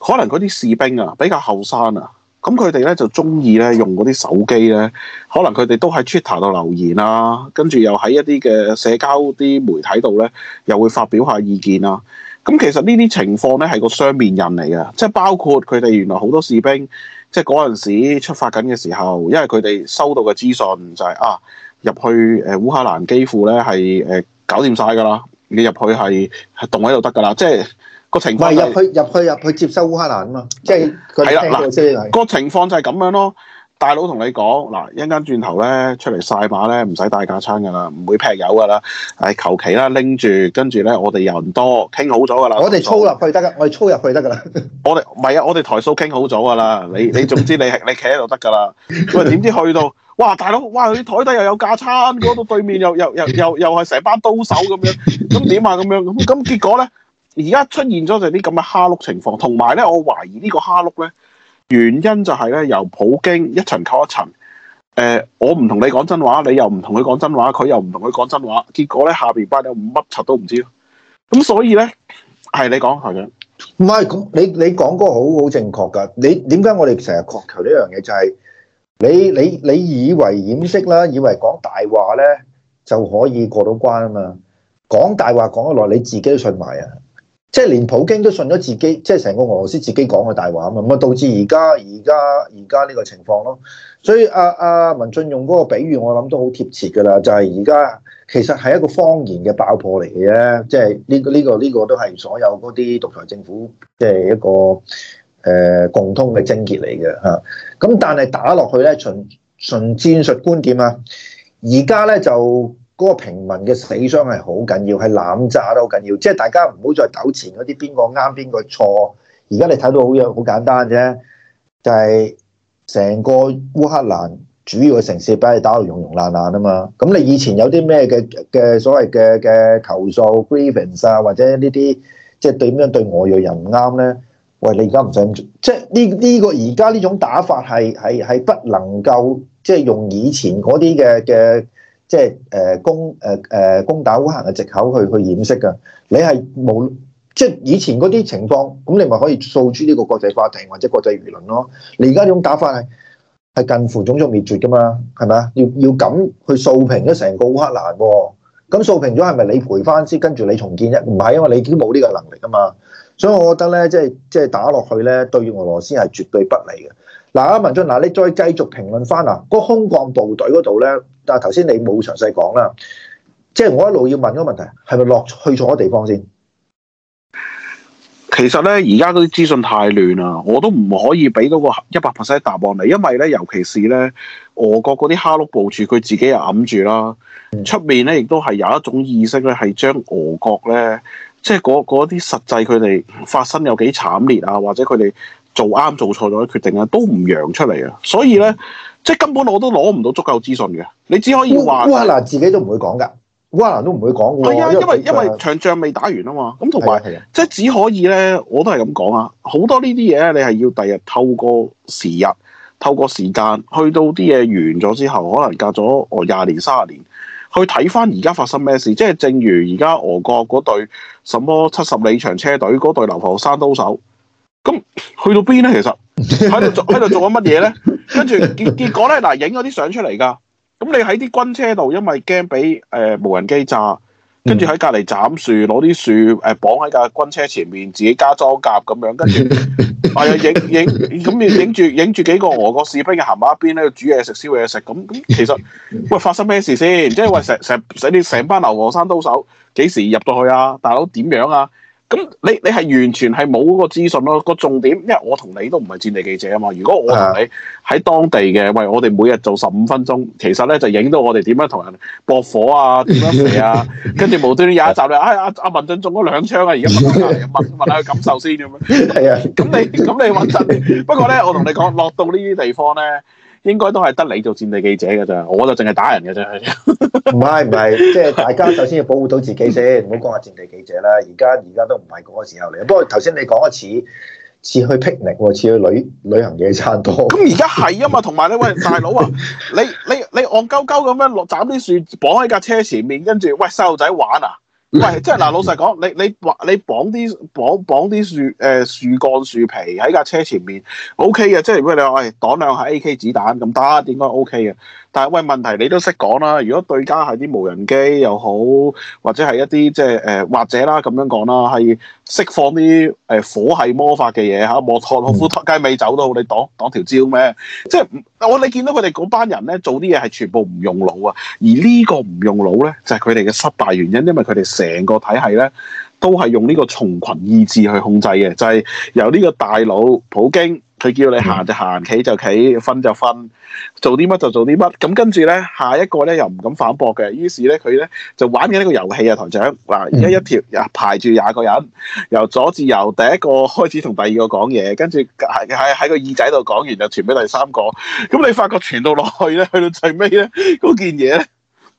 可能嗰啲士兵啊比較後生啊。咁佢哋咧就中意咧用嗰啲手機咧，可能佢哋都喺 Twitter 度留言啦、啊，跟住又喺一啲嘅社交啲媒體度咧，又會發表下意見啦、啊。咁其實呢啲情況咧係個雙面人嚟嘅，即係包括佢哋原來好多士兵，即係嗰陣時出發緊嘅時候，因為佢哋收到嘅資訊就係、是、啊入去誒烏克蘭幾乎咧係誒搞掂晒噶啦，你入去係係動喺度得噶啦，即係。個情況入、唔係、去
入去入去，去接收烏克蘭啊嘛，
即係佢聽、個情況就係咁樣咯。大佬同你講嗱，會一陣間轉頭咧出嚟晒馬咧，唔使帶架撐噶啦，唔會劈友噶啦。係求其啦，拎住跟住咧，我哋又唔多，傾好咗噶啦。我哋操
入去得噶，我哋操入去得噶啦。
我哋唔係啊，我哋台數傾好咗噶啦。你你總之你係 [laughs] 你企喺度得噶啦。喂，點知去到哇，大佬哇，佢台底又有架撐，過到 [laughs] 對面又又又又又係成班刀手咁樣，咁點啊咁樣咁咁結果咧？而家出現咗就係啲咁嘅蝦碌情況，同埋咧，我懷疑個哈呢個蝦碌咧，原因就係咧，由普京一層扣一層。誒、呃，我唔同你講真話，你又唔同佢講真話，佢又唔同佢講真話，結果咧，下邊班友五乜柒都唔知咯。咁所以咧，係你講台長，
唔係咁，你你講個好好正確㗎。你點解我哋成日強求呢樣嘢？就係、是、你你你以為掩飾啦，以為講大話咧就可以過到關啊嘛？講大話講得耐，你自己都信埋啊！即係連普京都信咗自己，即係成個俄羅斯自己講嘅大話啊嘛，咁啊導致而家而家而家呢個情況咯。所以阿、啊、阿、啊、文進用嗰個比喻，我諗都好貼切噶啦，就係而家其實係一個謊言嘅爆破嚟嘅啫，即係呢個呢、這個呢、這個都係所有嗰啲獨裁政府即係一個誒、呃、共通嘅症結嚟嘅吓。咁、啊、但係打落去咧，純純戰術觀點啊，而家咧就。嗰個平民嘅死傷係好緊要，係濫炸都好緊要。即係大家唔好再糾纏嗰啲邊個啱邊個錯。而家你睇到好樣好簡單啫，就係、是、成個烏克蘭主要嘅城市俾你打到融融爛爛啊嘛。咁你以前有啲咩嘅嘅所謂嘅嘅求訴 grievance 啊，或者呢啲即係咁樣對外裔人唔啱咧？喂，你而家唔想做，即係呢呢個而家呢種打法係係係不能夠即係用以前嗰啲嘅嘅。即係誒攻誒誒攻打烏克蘭嘅藉口去去掩飾㗎，你係冇即係以前嗰啲情況，咁你咪可以訴諸呢個國際法庭或者國際輿論咯。你而家種打法係係近乎種族滅絕㗎嘛，係咪啊？要要咁去掃平咗成個烏克蘭喎、哦？咁掃平咗係咪你賠翻先跟住你重建啫？唔係，因為你已經冇呢個能力㗎嘛。所以我覺得咧，即係即係打落去咧，對於俄羅斯係絕對不利嘅。嗱阿文進，嗱你再繼續評論翻啊，個空降部隊嗰度咧，但係頭先你冇詳細講啦，即係我一路要問嗰個問題，係咪落去錯地方先？
其實咧，而家嗰啲資訊太亂啦，我都唔可以俾嗰個一百 percent 答案嚟，因為咧，尤其是咧俄國嗰啲哈碌部署，佢自己又揞住啦，出、嗯、面咧亦都係有一種意識咧，係將俄國咧，即係嗰啲實際佢哋發生有幾慘烈啊，或者佢哋，做啱做錯咗嘅決定啊，都唔讓出嚟啊，所以咧，嗯、即係根本我都攞唔到足夠資訊嘅。你只可以話，烏亞、呃呃、
自己都唔會講㗎，烏、呃、亞都唔會講。係啊，因為、呃、因為
場仗未打完啊嘛。咁同埋、係啊、即係只可以咧，我都係咁講啊。好多呢啲嘢你係要第日透過時日、透過時間去到啲嘢完咗之後，可能隔咗我廿年、三十年去睇翻而家發生咩事。即係正如而家俄國嗰隊什麼七十里長車隊嗰隊流亡山刀手。咁去到邊咧？其實喺度做喺度做緊乜嘢咧？跟住結結果咧嗱，影咗啲相出嚟噶。咁你喺啲軍車度，因為驚俾誒無人機炸，跟住喺隔籬斬樹，攞啲樹誒綁喺架軍車前面，自己加裝甲咁樣。跟住係啊，影影咁你影住影住幾個俄國士兵嘅行埋一邊咧，煮嘢食、燒嘢食。咁咁其實喂發生咩事先？即係喂成成使你成班流亡山刀手幾時入到去啊？大佬點樣啊？咁你你係完全係冇嗰個資訊咯，個重點，因為我同你都唔係戰地記者啊嘛。如果我同你喺當地嘅，喂，我哋每日做十五分鐘，其實咧就影到我哋點樣同人搏火啊，點樣嚟啊，跟住 [laughs] 無端端有一集咧、哎，啊啊阿文進中咗兩槍啊，而家問下 [laughs] 問問下佢感受先咁樣。係啊，咁你咁你穩陣，不過咧，我同你講，落到呢啲地方咧。應該都係得你做戰地記者噶咋，我就
淨係打人噶咋。唔係唔係，即係、就是、大家首先要保護到自己先，唔好講下戰地記者啦。而家而家都唔係嗰個時候嚟。不過頭先你講一次，似去 picnic，似去旅旅行嘅差唔多。咁而家係啊嘛，同埋咧，喂大佬啊，你你你戇
鳩鳩咁樣落斬啲樹，綁喺架車前面，跟住喂細路仔玩啊！喂，即係嗱，老實講，你你，你綁你綁啲綁綁啲樹誒、呃、樹幹樹皮喺架車前面，O K 嘅。即係如果你話，哎，擋兩下 A K 子彈咁打，點解 O K 嘅？但係喂，問題你都識講啦。如果對家係啲無人機又好，或者係一啲即係誒，或者啦咁樣講啦，係。釋放啲誒火系魔法嘅嘢嚇，莫洛托夫雞尾酒都好，你擋擋條招咩？即係我你見到佢哋嗰班人咧做啲嘢係全部唔用腦啊，而個呢個唔用腦咧就係佢哋嘅失敗原因，因為佢哋成個體系咧。都係用呢個從群意志去控制嘅，就係由呢個大佬普京，佢叫你行就行，企就企，分就分，做啲乜就做啲乜。咁跟住咧，下一個咧又唔敢反駁嘅，於是咧佢咧就玩緊呢個遊戲啊，台長。嗱，一一條排住廿個人，由左至右第一個開始同第二個講嘢，跟住喺喺個耳仔度講完就傳俾第三個。咁你發覺傳到落去咧，去到最尾咧，嗰件嘢咧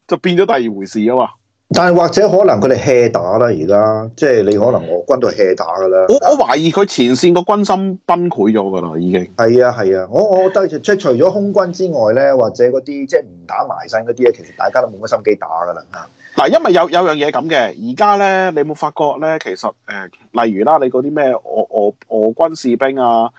就變咗第二回事啊嘛～
但係或者可能佢哋 hea 打啦，而家即係你可能俄軍都係 hea 打噶啦。我
我懷疑佢前線個軍心崩潰咗噶
啦已經係啊係啊。我我都即係除咗空軍之外咧，或者嗰啲即係唔打埋晒嗰啲咧，其實大家都冇乜心機打噶啦吓。嗱，因為有有樣嘢咁嘅，而家咧你有冇
發覺咧？其實誒、呃，例如啦，你嗰啲咩俄俄俄軍士兵啊。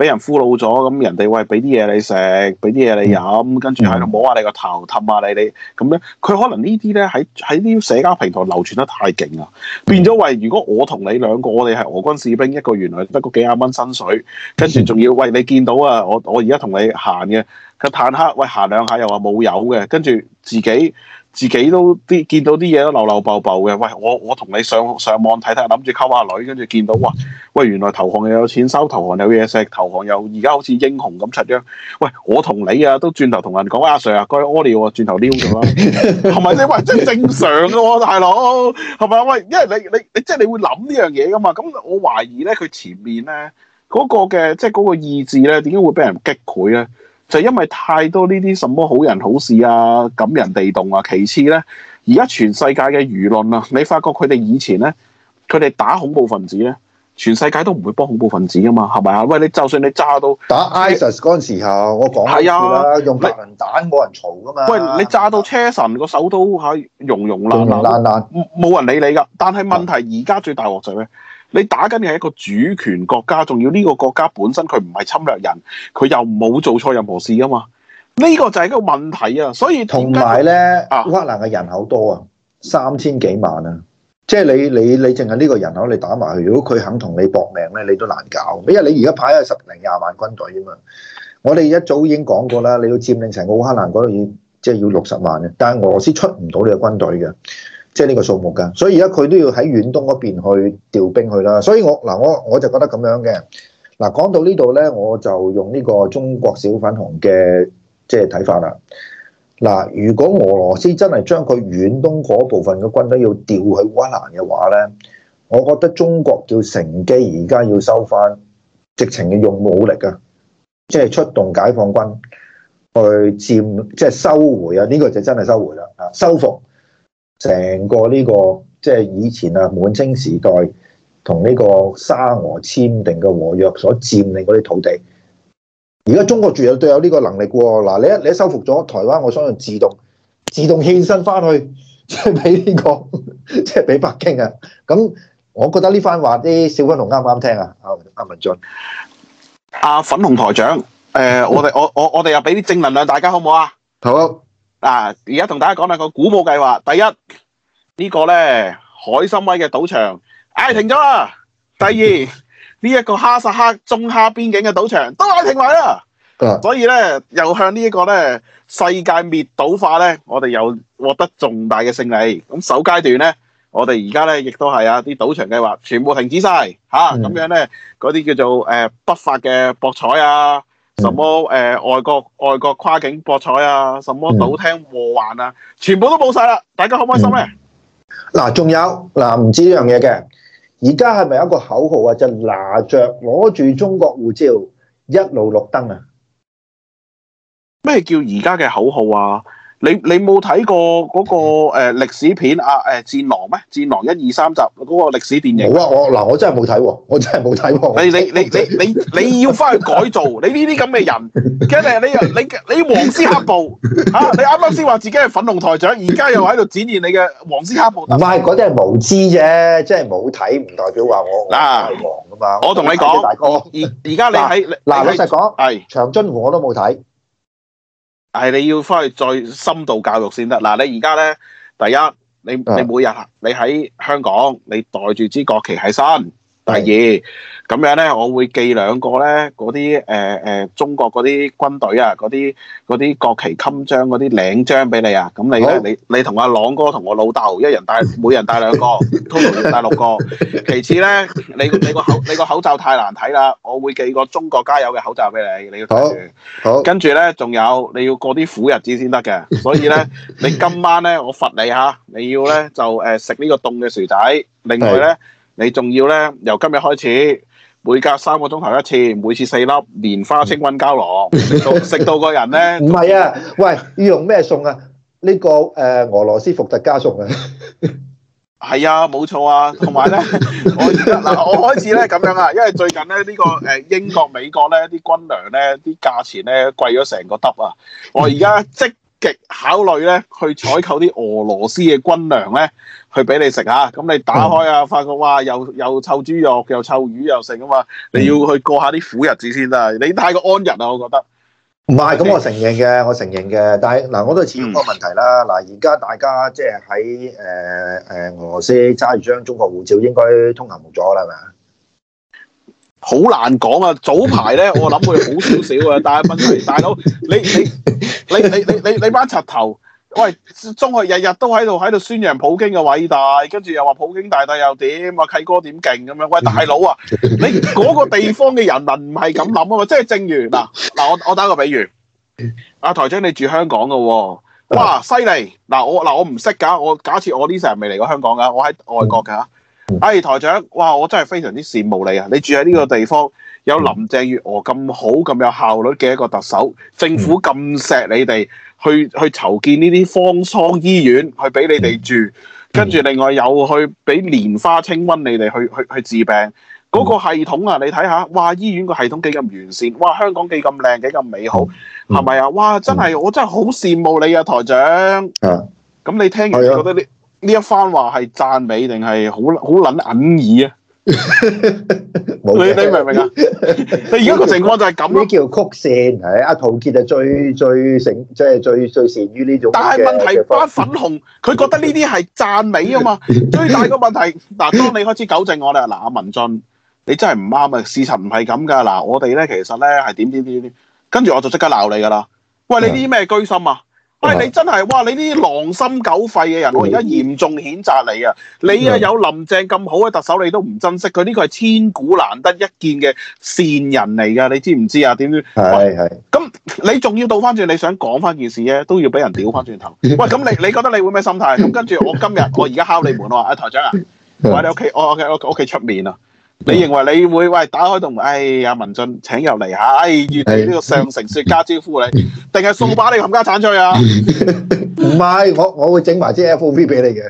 俾人俘虜咗，咁人哋喂俾啲嘢你食，俾啲嘢你飲，跟住喺度摸下你個頭，氹下你你，咁咧佢可能呢啲咧喺喺呢啲社交平台流傳得太勁喇，變咗喂，如果我同你兩個，我哋係俄軍士兵，一個原來得個幾廿蚊薪水，跟住仲要喂你見到啊，我我而家同你行嘅個坦克，喂行兩下又話冇油嘅，跟住自己。自己都啲見到啲嘢都流流爆爆嘅，喂！我我同你上上網睇睇，諗住溝下女，跟住見到哇！喂，原來投行又有錢收，投行有嘢食，投行又而家好似英雄咁出張。喂，我同你啊，都轉頭同人講啊，阿 Sir 啊，該屙尿喎，轉頭撩咗啦，係咪你喂，真係正常噶喎，大佬，係咪喂，因為你你你，你即係你會諗呢樣嘢噶嘛？咁我懷疑咧，佢前面咧嗰個嘅即係嗰個意志咧，點解會俾人擊潰咧？就因為太多呢啲什麼好人好事啊、感人地動啊。其次咧，而家全世界嘅輿論啊，你發覺佢哋以前咧，佢哋打恐怖分子咧，全世界都唔會幫恐怖分子噶嘛，係咪啊？喂，你就算你炸
到打 ISIS 嗰陣、哎、時候，我
講係啊，用核彈冇人嘈噶嘛。喂，你炸到車臣個首都嚇，溶溶爛爛，冇人理你噶。但係問題而家最大鑊就係咩？你打緊嘅係一個主權國家，仲要呢個國家本身佢唔係侵略人，佢又冇做錯任何事噶嘛？呢個就係一個問題啊！所以同
埋咧，烏克蘭嘅人口多啊，三千幾萬啊，即係你你你淨係呢個人口你打埋去，如果佢肯同你搏命咧，你都難搞，因為你而家派咗十零廿萬軍隊啫嘛。我哋一早已經講過啦，你要佔領成個烏克蘭嗰度要即係要六十萬嘅、啊，但係俄羅斯出唔到呢個軍隊嘅。即係呢個數目㗎，所以而家佢都要喺遠東嗰邊去調兵去啦。所以我嗱，我我就覺得咁樣嘅。嗱，講到呢度咧，我就用呢個中國小粉紅嘅即係睇法啦。嗱，如果俄羅斯真係將佢遠東嗰部分嘅軍隊要調去烏蘭嘅話咧，我覺得中國叫乘機而家要收返直情嘅用武力㗎，即係出動解放軍去佔，即係收回啊！呢個就真係收回啦，啊，收復。成個呢個即係以前啊，滿清時代同呢個沙俄簽訂嘅和約所佔領嗰啲土地，而家中國住有對有呢個能力喎。嗱，你一你一收復咗台灣，我相信自動自動獻身翻去，即係俾呢個，即係俾北京啊。咁，我覺得呢番話啲小粉紅啱唔啱聽啊？阿阿文俊，
阿粉紅台長，誒， [laughs] 我哋我我我哋又俾啲正能量大家好唔好啊？好。嗱，而家同大家講下個古舞計劃。第一、這個、呢個咧，海參崴嘅賭場，哎停咗啦。第二呢一、這個哈薩克中哈邊境嘅賭場都係停埋啦。嗯、所以咧，又向呢一個咧世界滅賭化咧，我哋又獲得重大嘅勝利。咁首階段咧，我哋而家咧亦都係啊啲賭場計劃全部停止晒吓，咁、啊、樣咧嗰啲叫做誒不、呃、法嘅博彩啊，什麼誒、呃、外國外國跨境博彩啊，什麼賭廳禍患啊，全部都冇晒啦，大家好開心咧？
嗱、嗯，仲有嗱，唔、啊、知呢樣嘢嘅，而家係咪有一個口號啊？就是、拿着攞住中國護照一路綠燈啊？
咩叫而家嘅口號啊？你你冇睇過嗰個誒歷史片啊？誒，戰狼咩？戰狼一二三集嗰個歷史電影？好啊！我
嗱，我真係冇睇喎！我真係冇睇過。你
你你你你你要翻去改造你呢啲咁嘅人，跟住你又你你黃絲黑暴啊！你啱啱先話自己係粉紅台長，而家又喺度展現你嘅黃絲黑
暴。唔係嗰啲係無知啫，即係冇睇唔代表話我大王噶嘛。我同你講，大
哥，而而家你喺嗱老實
講，長津湖我都冇睇。
係你要翻去再深度教育先得嗱，你而家咧，第一，你你每日啊你喺香港，你袋住支國旗喺身。第二，咁樣咧，我會寄兩個咧，嗰啲誒誒中國嗰啲軍隊啊，嗰啲嗰啲國旗襟章嗰啲領章俾你啊。咁你咧好，你你同阿朗哥同我老豆一人帶，每人帶兩個，total 要帶六個。其次咧，你你個口你個口罩太難睇啦，我會寄個中國加油嘅口罩俾你。你要好，好。跟住咧，仲有你要過啲苦日子先得嘅，所以咧，你今晚咧，我罰你嚇，你要咧就誒食呢個凍嘅薯仔。另外咧。你仲要咧，由今日開始，每隔三個鐘頭一次，每次四粒蓮花清瘟膠囊，
食到食到個人咧。唔係啊，要喂，要用咩餸啊？呢、這個誒、呃、俄羅斯伏特加餸啊，
係 [laughs] 啊，冇錯啊。同埋咧，我
嗱 [laughs] [laughs] 我開始咧咁樣
啊，因為最近咧呢、這個誒英國、美國咧啲軍糧咧啲價錢咧貴咗成個得啊，我而家積極考慮咧去採購啲俄羅斯嘅軍糧咧。去俾你食啊，咁你打開啊，發覺哇，又又臭豬肉，又臭魚，又食啊嘛！你要去過下啲苦日子先得。
你太過安逸啊，我覺得。唔係，咁我承認嘅，我承認嘅。但係嗱、啊，我都係似咁個問題啦。嗱、啊，而家大家即係喺誒誒俄羅斯揸住張中國護照，應該通行無阻啦，係咪？好難講啊！早排咧，我諗
會好少少啊。但係問題大佬，你你你你你你你班柒頭。喂，中學日日都喺度喺度宣揚普京嘅偉大，跟住又話普京大帝又點啊？契哥點勁咁樣勁？喂，大佬啊，你嗰個地方嘅人民唔係咁諗啊嘛，即係正如嗱嗱，我我打個比喻，阿、啊、台長你住香港噶，哇犀利嗱，我嗱我唔識噶，我，我假設我呢世人未嚟過香港噶，我喺外國噶吓，哎台長，哇我真係非常之羨慕你啊，你住喺呢個地方。有林鄭月娥咁好咁有效率嘅一個特首，政府咁錫你哋去去籌建呢啲方艙醫院去俾你哋住，跟住另外又去俾蓮花清瘟你哋去去去治病。嗰、那個系統啊，你睇下，哇！醫院個系統幾咁完善，哇！香港幾咁靚，幾咁美好，係咪啊？哇！真係我真係好羨慕你啊，台長。啊、嗯，咁你聽完、嗯、你覺得呢呢、嗯、一番話係讚美定係好好捻隱喻啊？ [laughs] 的你明唔明啊？
你而家個情況就係咁，呢叫曲線係阿陶傑就最最成，即係最最善於呢種。但係問題翻、啊、粉紅，佢覺得呢啲係讚美啊嘛。 [laughs] 最大個問題嗱、啊，當
你開始糾正我哋，嗱阿、啊、文俊，你真係唔啱啊！事實唔係咁噶，嗱我哋咧其實咧係點點點點，跟住我就即刻鬧你噶啦。喂，你啲咩居心啊？喂，你真係，哇！你啲狼心狗肺嘅人，我而家嚴重譴責你啊！你啊有林鄭咁好嘅特首，你都唔珍惜，佢呢個係千古難得一見嘅善人嚟㗎，你知唔知啊？點知？係係。咁是是 你仲要倒翻轉，你想講翻件事咧，都要俾人屌翻轉頭。喂，咁你你覺得你會咩心態？咁 [laughs] 跟住我今日我而家敲你門，我話、啊、台長啊，喂，你屋企，我我我屋企出面啊。嗯、你認為你會喂打開同門？哎，文進請入嚟下。哎，預呢個上城雪茄招呼你，定係掃把你冚家鏟出去啊？
唔係， [laughs] 我我會整埋支 F O V 俾你嘅。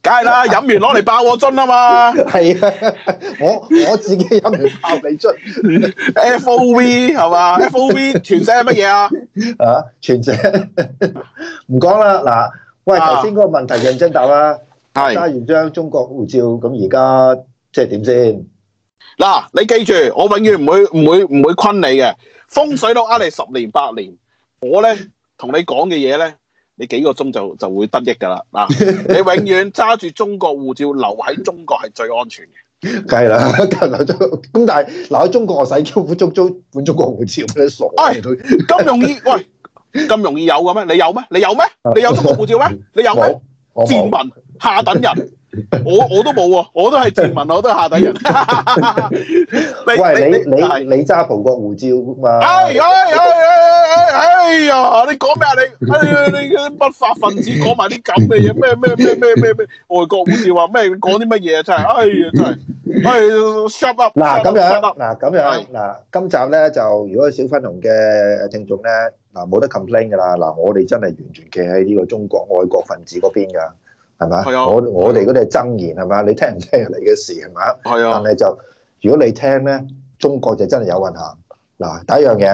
梗係啦，飲完攞嚟爆我樽啊嘛。係 [laughs] 啊，我我自己飲完爆你樽。 [laughs]
F O V 係嘛？F O V 全寫係乜嘢啊？
[laughs] 啊，全寫唔講啦。嗱， [laughs] 喂，頭先嗰個問題認真答啦。係揸、啊、是完張中國護照，咁而家。即係點先？
嗱、啊，你記住，我永遠唔會唔會唔會困你嘅風水佬呃你十年八年。我咧同你講嘅嘢咧，你幾個鐘就就會得益噶啦。嗱、啊，你永遠揸住中國護照留喺中國係最安全嘅。
梗係啦，梗係啦。咁但係留喺中國我使官府租租本中國護照咩傻？哎，咁容易喂？咁容易有嘅咩？你有咩？
你有咩？你有中國護照咩？你有冇？賤民下等人。我我都冇喎，我都係
殖民，我都係下底人。喂，你你你揸葡國護照嘛？
哎哎哎哎哎哎呀！你講咩啊你？你啲不法分子講埋啲咁嘅嘢，咩咩咩咩咩咩？外國護照話咩？講啲乜嘢真係？哎呀
真係，哎，插啦。嗱咁樣，嗱咁樣，嗱今集咧就如果小粉紅嘅聽眾咧，嗱冇得 complain 噶啦，嗱我哋真係完全企喺呢個中國愛國分子嗰邊噶。係嘛？吧我吧我哋嗰啲係爭言係嘛？你聽唔聽係你嘅事係嘛？吧但係就如果你聽咧，中國就真係有運行。嗱，第一樣嘢，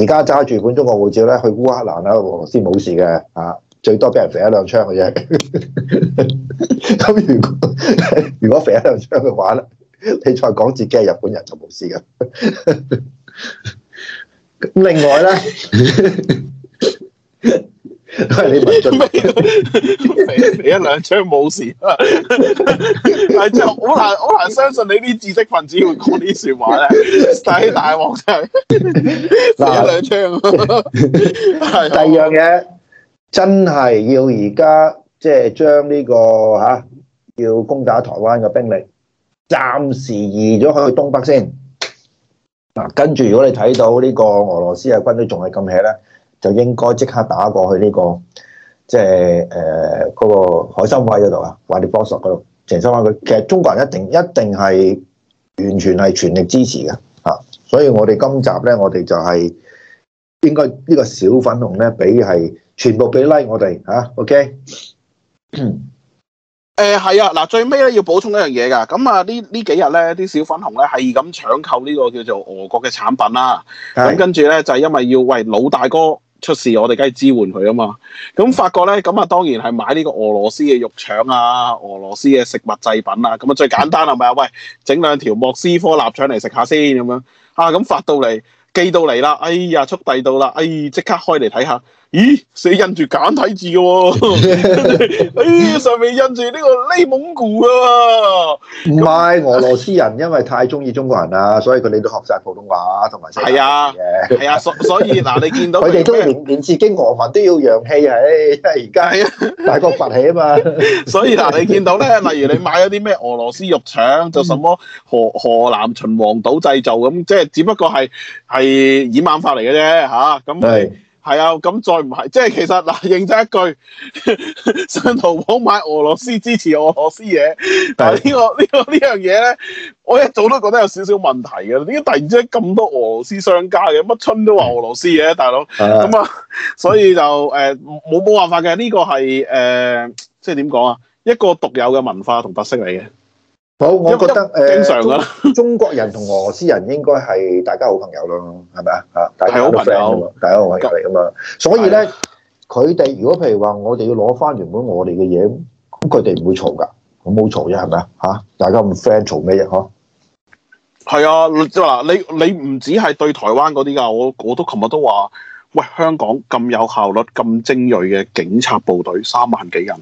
而家揸住本中國護照咧，去烏克蘭啦、啊、俄羅斯冇事嘅嚇、啊，最多俾人射一兩槍嘅啫。咁如果如果射一兩槍嘅話咧，你再講自己係日本人就冇事嘅。 [laughs] 另外咧呢。 [laughs]
[noise] 你笨到你一兩槍冇事， [laughs] 但係真係好難好難相信你啲知識分子會講啲說話咧，使大鑊
上係俾兩槍。 [laughs] [laughs] 第二樣嘢，真係要而家即係將呢個吓、啊、要攻打台灣嘅兵力，暫時移咗去東北先。嗱、啊，跟住如果你睇到呢個俄羅斯嘅軍隊仲係咁起咧。就應該即刻打過去呢、這個，即係誒嗰個海參崴嗰度啊，華力博索嗰度，鄭參崴佢其實中國人一定一定係完全係全力支持嘅嚇、啊，所以我哋今集咧，我哋就係、是、應該呢個小粉紅咧，俾係全部俾 like 我哋嚇，OK？誒
係啊，嗱、okay? [coughs] 呃啊、最尾咧要補充一樣嘢㗎，咁啊呢呢幾日咧啲小粉紅咧係咁搶購呢斷斷個叫做俄國嘅產品啦，咁、啊、跟住咧就係、是、因為要為老大哥。出事我哋梗係支援佢啊嘛，咁發覺咧咁啊當然係買呢個俄羅斯嘅肉腸啊，俄羅斯嘅食物製品啊，咁啊最簡單係咪啊？喂，整兩條莫斯科臘腸嚟食下先咁樣啊，咁發到嚟寄到嚟啦，哎呀，速遞到啦，哎，即刻開嚟睇下。咦，死印住
簡體字嘅、啊，誒， [laughs] 上面印住呢、這個內蒙古啊。唔係俄羅斯人，因為太中意中國人啦，所以佢哋都學晒普通話同埋。係啊，係啊，所所以嗱、啊，你見到佢哋 [laughs] 都連連自己俄文都要洋氣啊，真而家大國崛起啊嘛，所以嗱，你見到咧，例如你買
咗啲咩俄羅斯肉腸，嗯、就什麼河河南秦皇島製造咁，即係只不過係係掩眼法嚟嘅啫，吓咁。啊係啊，咁再唔係，即係其實嗱認真一句， [laughs] 上淘寶買俄羅斯，支持俄羅斯嘢，但係呢個呢個呢樣嘢咧，我一早都覺得有少少問題嘅。點解突然之間咁多俄羅斯商家嘅乜春都話俄羅斯嘢大佬，咁的、嗯、啊，所以就誒冇冇辦法嘅，呢個呃、呢個係誒即係點講啊，一個獨有嘅文化同特色嚟嘅。
好，我覺得誒，呃、經常噶啦。中國人同俄羅斯人應該係大家好朋友咯，係咪啊？嚇，大家好朋友，大家好 friend 嚟噶嘛。所以咧，佢哋是的 如果譬如話，我哋要攞翻原本我哋嘅嘢，咁佢哋唔會嘈噶，咁冇嘈啫，係咪啊？嚇，大家咁 friend 嘈咩啫？嗬，
係啊，嗱，你你唔止係對台灣嗰啲噶，我我都琴日都話，喂，香港咁有效率、咁精鋭嘅警察部隊三萬幾人，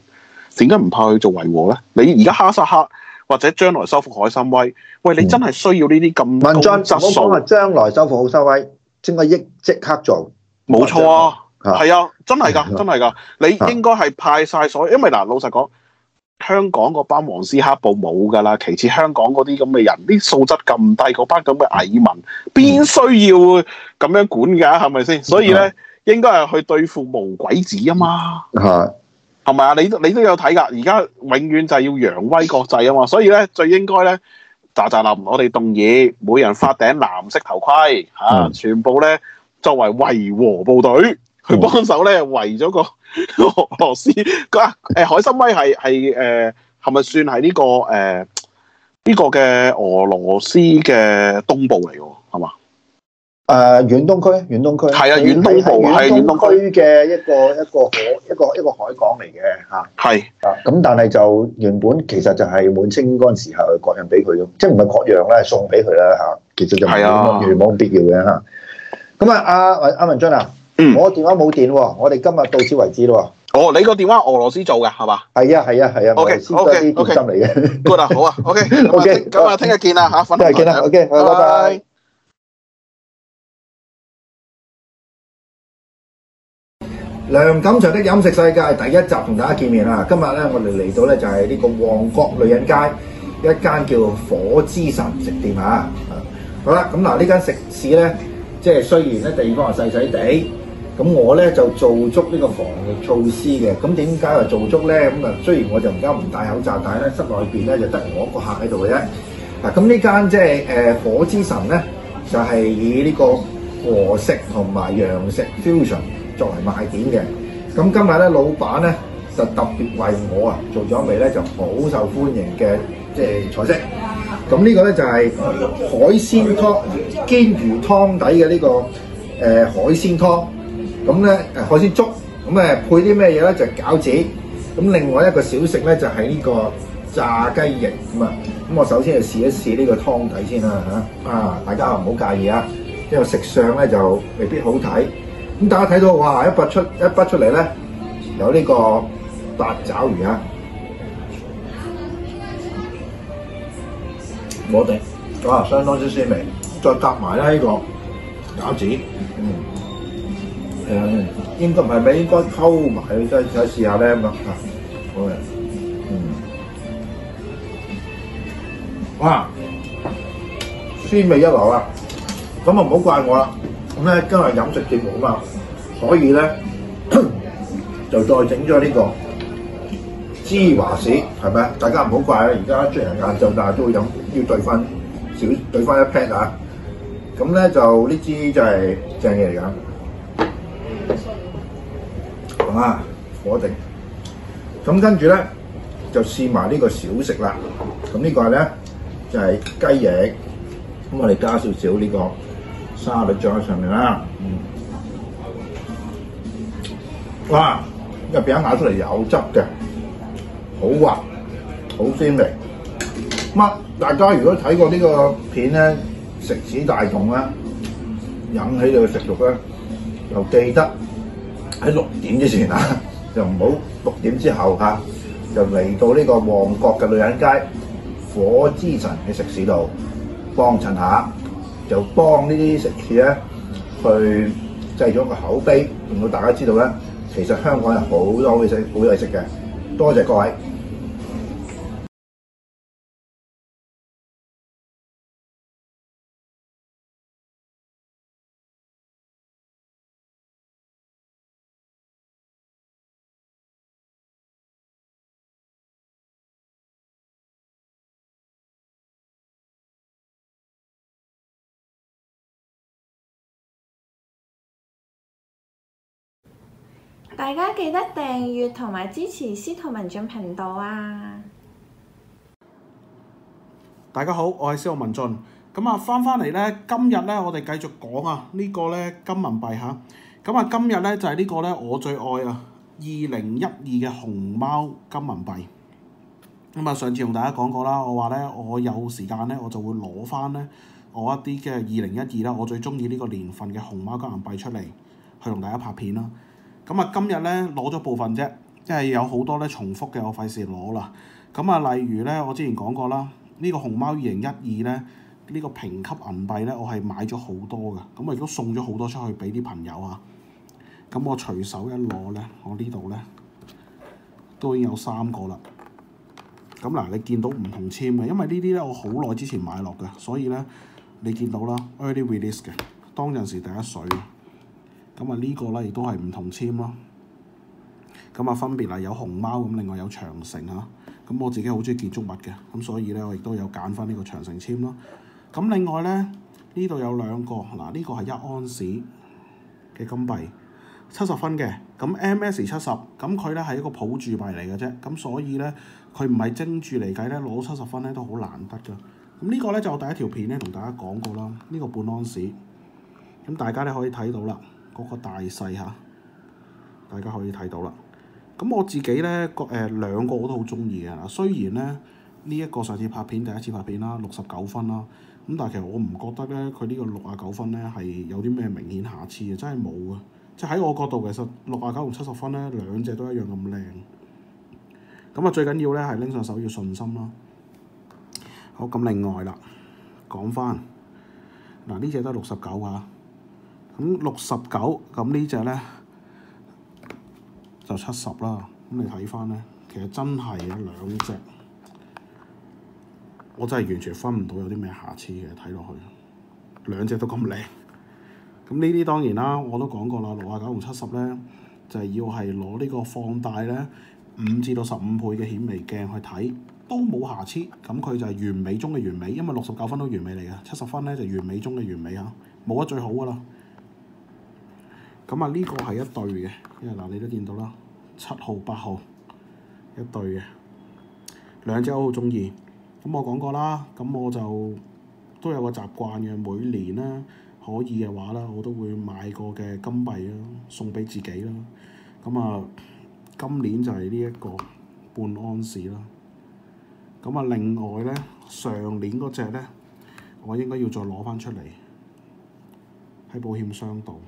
點解唔怕去做維和咧？你而家哈薩克？或者將來收復海參崴，喂，你真係需要呢啲咁高質素。文我講係
將來收復海參崴，應該益即刻做。冇錯啊，係啊，真係噶、啊，真係
噶，你應該係派晒所有，因為嗱，老實講，香港嗰班黃絲黑暴冇噶啦。其次，香港嗰啲咁嘅人，啲素質咁低，嗰班咁嘅蟻民，邊需要咁樣管㗎、啊？係咪先？所以咧，應該係去對付無鬼子啊嘛。
係、嗯。
係咪啊？你你都有睇噶？而家永遠就係要揚威國際啊嘛，所以咧最應該咧咋咋冧，我哋動議，每人發頂藍色頭盔吓、啊，全部咧作為維和部隊去幫手咧圍咗個俄羅斯。佢話，誒、嗯、 [laughs] 海參崴係係誒，係咪、呃、算係呢、這個誒呢、呃這個嘅俄羅斯嘅東部嚟噶？係嘛？
誒遠東區，遠東區，係啊，遠東部係遠東區嘅一個一個海一個一個海港嚟嘅嚇，係啊，咁但係就原本其實就係滿清嗰陣時候割讓俾佢咯，即係唔係割讓啦，送俾佢啦嚇，其實就冇冇冇必要嘅嚇。咁啊，阿阿文進啊，我電話冇電喎，我哋今日到此為止咯。
哦，你個電話俄羅斯做嘅係嘛？
係啊，係啊，係啊。O K O K O K，good 啊，好啊，O K O K，咁啊，聽日見啊嚇，聽日見啊，O K，拜拜。梁錦祥的飲食世界第一集同大家見面啦！今日咧我哋嚟到咧就係、是、呢個旺角女人街一間叫火之神食店啊！好啦，咁嗱呢間食肆咧，即係雖然咧地方係細細地，咁我咧就做足呢個防疫措施嘅。咁點解話做足咧？咁啊雖然我就而家唔戴口罩，但係咧室內邊咧就得我一個客喺度嘅啫。嗱、啊，咁呢間即係誒火之神咧，就係、是、以呢個和食同埋洋食 fusion。作為賣點嘅，咁今日咧老闆咧就特別為我啊做咗一味咧就好受歡迎嘅即係菜式。咁呢個咧就係、是、海鮮湯、煎魚湯底嘅呢、這個誒、呃、海鮮湯。咁咧誒海鮮粥。咁誒配啲咩嘢咧？就係、餃子。咁另外一個小食咧就係、是、呢個炸雞翼。咁啊，咁我首先嚟試一試呢個湯底先啦嚇。啊，大家唔好介意啊，因為食相咧就未必好睇。大家睇到哇，一筆出嚟一筆出嚟咧，有呢個八爪魚啊，我哋哇，相當之鮮味，再夾埋咧呢個餃子，嗯，係啊，應該唔係咩？應該溝埋，再試下咧咁啊，好啊，嗯，哇，鮮味一流啊，咁啊唔好怪我啦。咁咧今日飲食節目啊嘛，所以咧 [coughs] 就再整咗呢個芝華士，係咪啊？大家唔好怪啊！而家出人晏晝，但係都會飲，要兌翻少，兌翻一 pat 啊！咁咧就呢支就係正嘢嚟㗎，係嘛？我定。咁跟住咧就試埋呢個小食啦。咁呢個咧就係、是、雞翼，咁我哋加少少呢、呢個。沙律醬喺上面啦，嗯，哇，入面一咬出嚟有汁嘅，好滑，好鮮味。咁大家如果睇過呢個片咧，食指大動咧，引起你嘅食欲咧，就記得喺六點之前啊，就唔好六點之後啊，就嚟到呢個旺角嘅女人街火之神嘅食肆度幫襯下。就幫這些呢啲食肆咧，去製咗個口碑，令到大家知道咧，其實香港有好多好嘢食嘅，多謝各位。
大家記得訂閱同埋支持司徒文進頻道啊！大家好，我係司徒文進。咁啊，翻翻嚟咧，今日咧，我哋繼續講啊呢個咧，金銀幣吓。咁啊，今日咧就係、是、呢個咧，我最愛啊，二零一二嘅熊貓金銀幣。咁啊，上次同大家講過啦，我話咧，我有時間咧，我就會攞翻咧我一啲嘅二零一二啦，我最中意呢個年份嘅熊貓金銀幣出嚟，去同大家拍片啦。咁啊，今日咧攞咗部分啫，因為有好多咧重複嘅，我費事攞啦。咁啊，例如咧，我之前講過啦，呢、這個熊貓二零一二咧，呢個評級銀幣咧，我係買咗好多嘅。咁啊，亦都送咗好多出去俾啲朋友啊。咁我隨手一攞咧，我呢度咧，都已經有三個啦。咁嗱，你見到唔同簽嘅，因為呢啲咧我好耐之前買落嘅，所以咧你見到啦 early release 嘅，當陣時第一水。咁啊，個呢個咧亦都係唔同簽咯。咁啊，分別啊有熊貓咁，另外有長城啊。咁我自己好中意建築物嘅，咁所以咧我亦都有揀翻呢個長城簽咯。咁另外咧呢度有兩個嗱，呢、啊呢個係一安士嘅金幣，七十分嘅。咁 MS 七十，咁佢咧係一個普鑄幣嚟嘅啫。咁所以咧佢唔係精鑄嚟計咧，攞七十分咧都好難得㗎。咁呢個咧就我第一條片咧同大家講過啦。呢、呢個半安士，咁大家咧可以睇到啦。嗰個大細嚇，大家可以睇到啦。咁我自己咧個誒兩個我都好中意嘅。雖然咧呢一個上次拍片第一次拍片啦，六十九分啦。咁但係其實我唔覺得咧佢呢個六啊九分咧係有啲咩明顯瑕疵嘅，真係冇嘅。即係喺我角度其實六啊九同七十分咧兩隻都一樣咁靚。咁啊最緊要咧係拎上手要信心啦。好咁另外啦，講翻嗱呢隻都係六十九啊。咁六十九，咁呢隻呢，就七十啦。咁你睇翻呢，其實真係有兩隻，我真係完全分唔到有啲咩瑕疵嘅。睇落去兩隻都咁靚，咁呢啲當然啦，我都講過啦，六啊九同七十呢，就係要係攞呢個放大呢，五至到十五倍嘅顯微鏡去睇，都冇瑕疵。咁佢就係完美中嘅完美，因為六十九分都完美嚟嘅。七十分呢，就完美中嘅完美嚇，冇得最好噶啦。咁啊呢個係一對嘅，因為嗱你都見到啦，七號八號一對嘅兩隻我好中意。咁我講過啦，咁我就都有個習慣嘅，每年咧可以嘅話啦，我都會買過嘅金幣咯，送俾自己啦。咁啊今年就係呢一個半安士啦。咁啊另外咧，上年嗰隻咧，我應該要再攞翻出嚟喺保險箱度。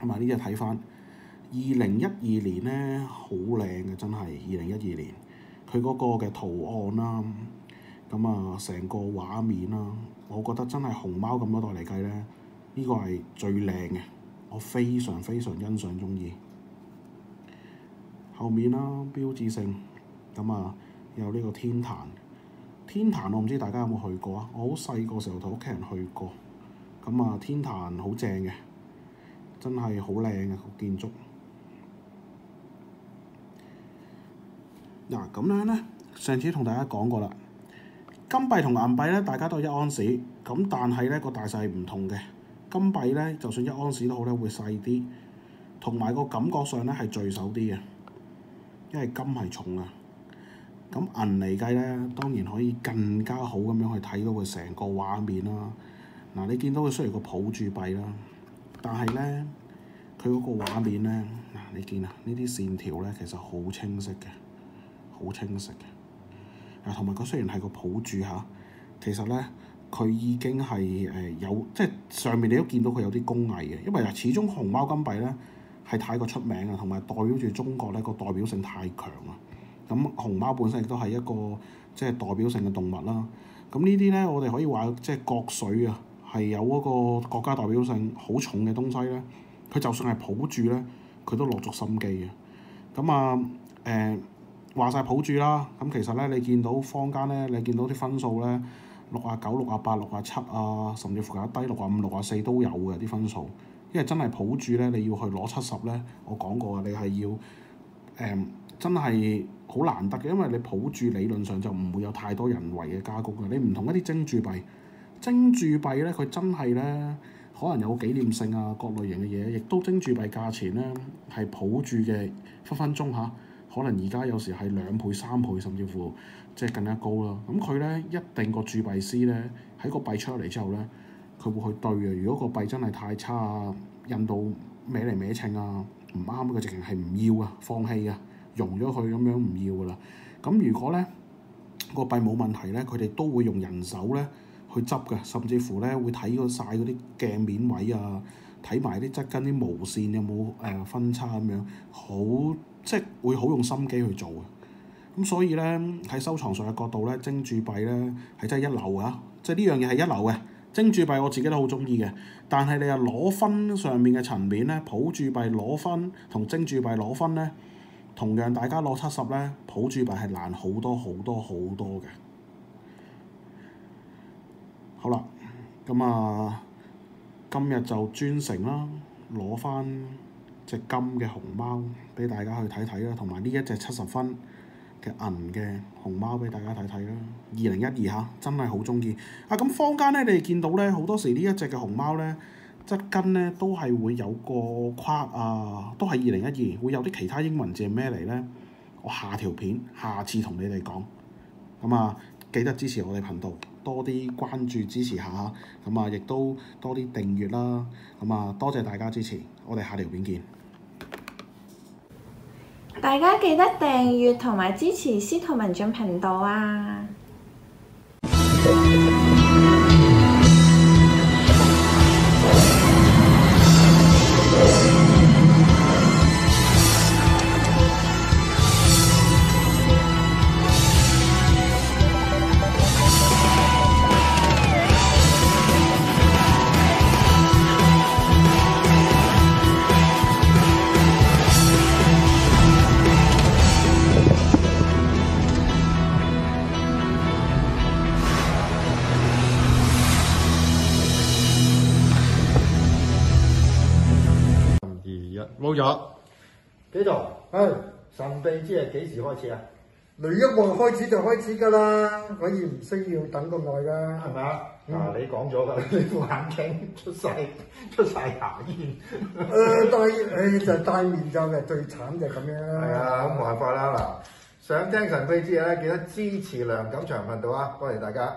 同埋呢隻睇翻，二零一二年咧好靚嘅，真係二零一二年，佢嗰個嘅圖案啦、啊，咁啊成個畫面啦、啊，我覺得真係熊貓咁多代嚟計咧，呢、呢個係最靚嘅，我非常非常欣賞鍾意。後面啦、啊、標誌性，咁啊有呢個天壇，天壇我唔知大家有冇去過啊？我好細個時候同屋企人去過，咁啊天壇好正嘅。真係好靚嘅個建築。嗱，咁樣咧，上次同大家講過啦，金幣同銀幣咧，大家都一安士，咁但係咧個大細唔同嘅。金幣咧，就算一安士都好咧，會細啲，同埋個感覺上咧係聚手啲嘅，因為金係重啊。咁銀嚟計咧，當然可以更加好咁樣去睇到佢成個畫面啦。嗱，你見到佢雖然個抱住幣啦。但係咧，佢嗰個畫面咧，嗱你見啊，呢啲線條咧，其實好清晰嘅，好清晰嘅。啊，同埋佢雖然係個抱住吓，其實咧佢已經係誒有，即係上面你都見到佢有啲工藝嘅。因為啊，始終熊貓金幣咧係太過出名啊，同埋代表住中國咧，個代表性太強啦。咁熊貓本身亦都係一個即係代表性嘅動物啦。咁呢啲咧，我哋可以話即係國粹啊！係有嗰個國家代表性好重嘅東西咧，佢就算係抱住咧，佢都落足心機嘅。咁啊，誒話晒抱住啦。咁其實咧，你見到坊間咧，你見到啲分數咧，六啊九、六啊八、六啊七啊，甚至乎有低六啊五、六啊四都有嘅啲分數。因為真係抱住咧，你要去攞七十咧，我講過嘅，你係要誒、呃、真係好難得嘅，因為你抱住理論上就唔會有太多人為嘅加工嘅。你唔同一啲精鑄幣。精鑄幣咧，佢真係咧，可能有紀念性啊，各類型嘅嘢，亦都精鑄幣價錢咧係抱住嘅分分鐘嚇啊。可能而家有時係兩倍、三倍，甚至乎即係更加高啦。咁佢咧一定個鑄幣師咧喺個幣出嚟之後咧，佢會去對啊。如果個幣真係太差啊，印到歪嚟歪稱啊，唔啱，佢直情係唔要啊，放棄啊，融咗佢咁樣唔要噶啦。咁如果咧、嗰個幣冇問題咧，佢哋都會用人手咧。去執㗎，甚至乎咧會睇嗰晒嗰啲鏡面位啊，睇埋啲側邊啲毛線有冇誒、呃、分叉咁樣，好即係會好用心機去做嘅。咁所以咧喺收藏上嘅角度咧，精鑄幣咧係真係一流啊！即係呢樣嘢係一流嘅。精鑄幣我自己都好中意嘅，但係你又攞分上面嘅層面咧，普鑄幣攞分同精鑄幣攞分咧，同樣大家攞七十咧，普鑄幣係難好多好多好多嘅。好啦，咁、嗯、啊，今日就專程啦，攞翻隻金嘅熊貓俾大家去睇睇啦，同埋呢一隻七十分嘅銀嘅熊貓俾大家睇睇啦。二零一二嚇，真係好中意啊！咁坊間咧，你哋見到咧，好多時呢一隻嘅熊貓咧，質根咧都係會有個框啊，都係二零一二，會有啲其他英文字係咩嚟咧？我下條片下次同你哋講，咁、嗯、啊。記得支持我哋頻道，多啲關注支持下，咁啊亦都多啲訂閱啦，咁啊多謝大家支持，我哋下條片見。
大家記得訂閱同埋支持司徒文進頻道啊！幾度？唉、哎，神秘之夜幾時開始啊？雷一望開始就開始噶啦，我亦唔需要等咁耐噶，係咪啊？嗱、嗯，你講咗啦，你副眼鏡出晒出晒牙煙。誒、呃，戴誒、 [laughs] 哎、就戴、是、面罩嘅最慘就咁樣啦。係啊，咁冇、啊、辦法啦嗱。想聽神秘之夜咧，記得支持梁錦祥頻道啊！多謝大家。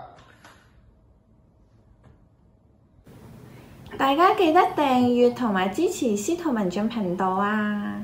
大家記得訂閱同埋支持司徒文進頻道啊！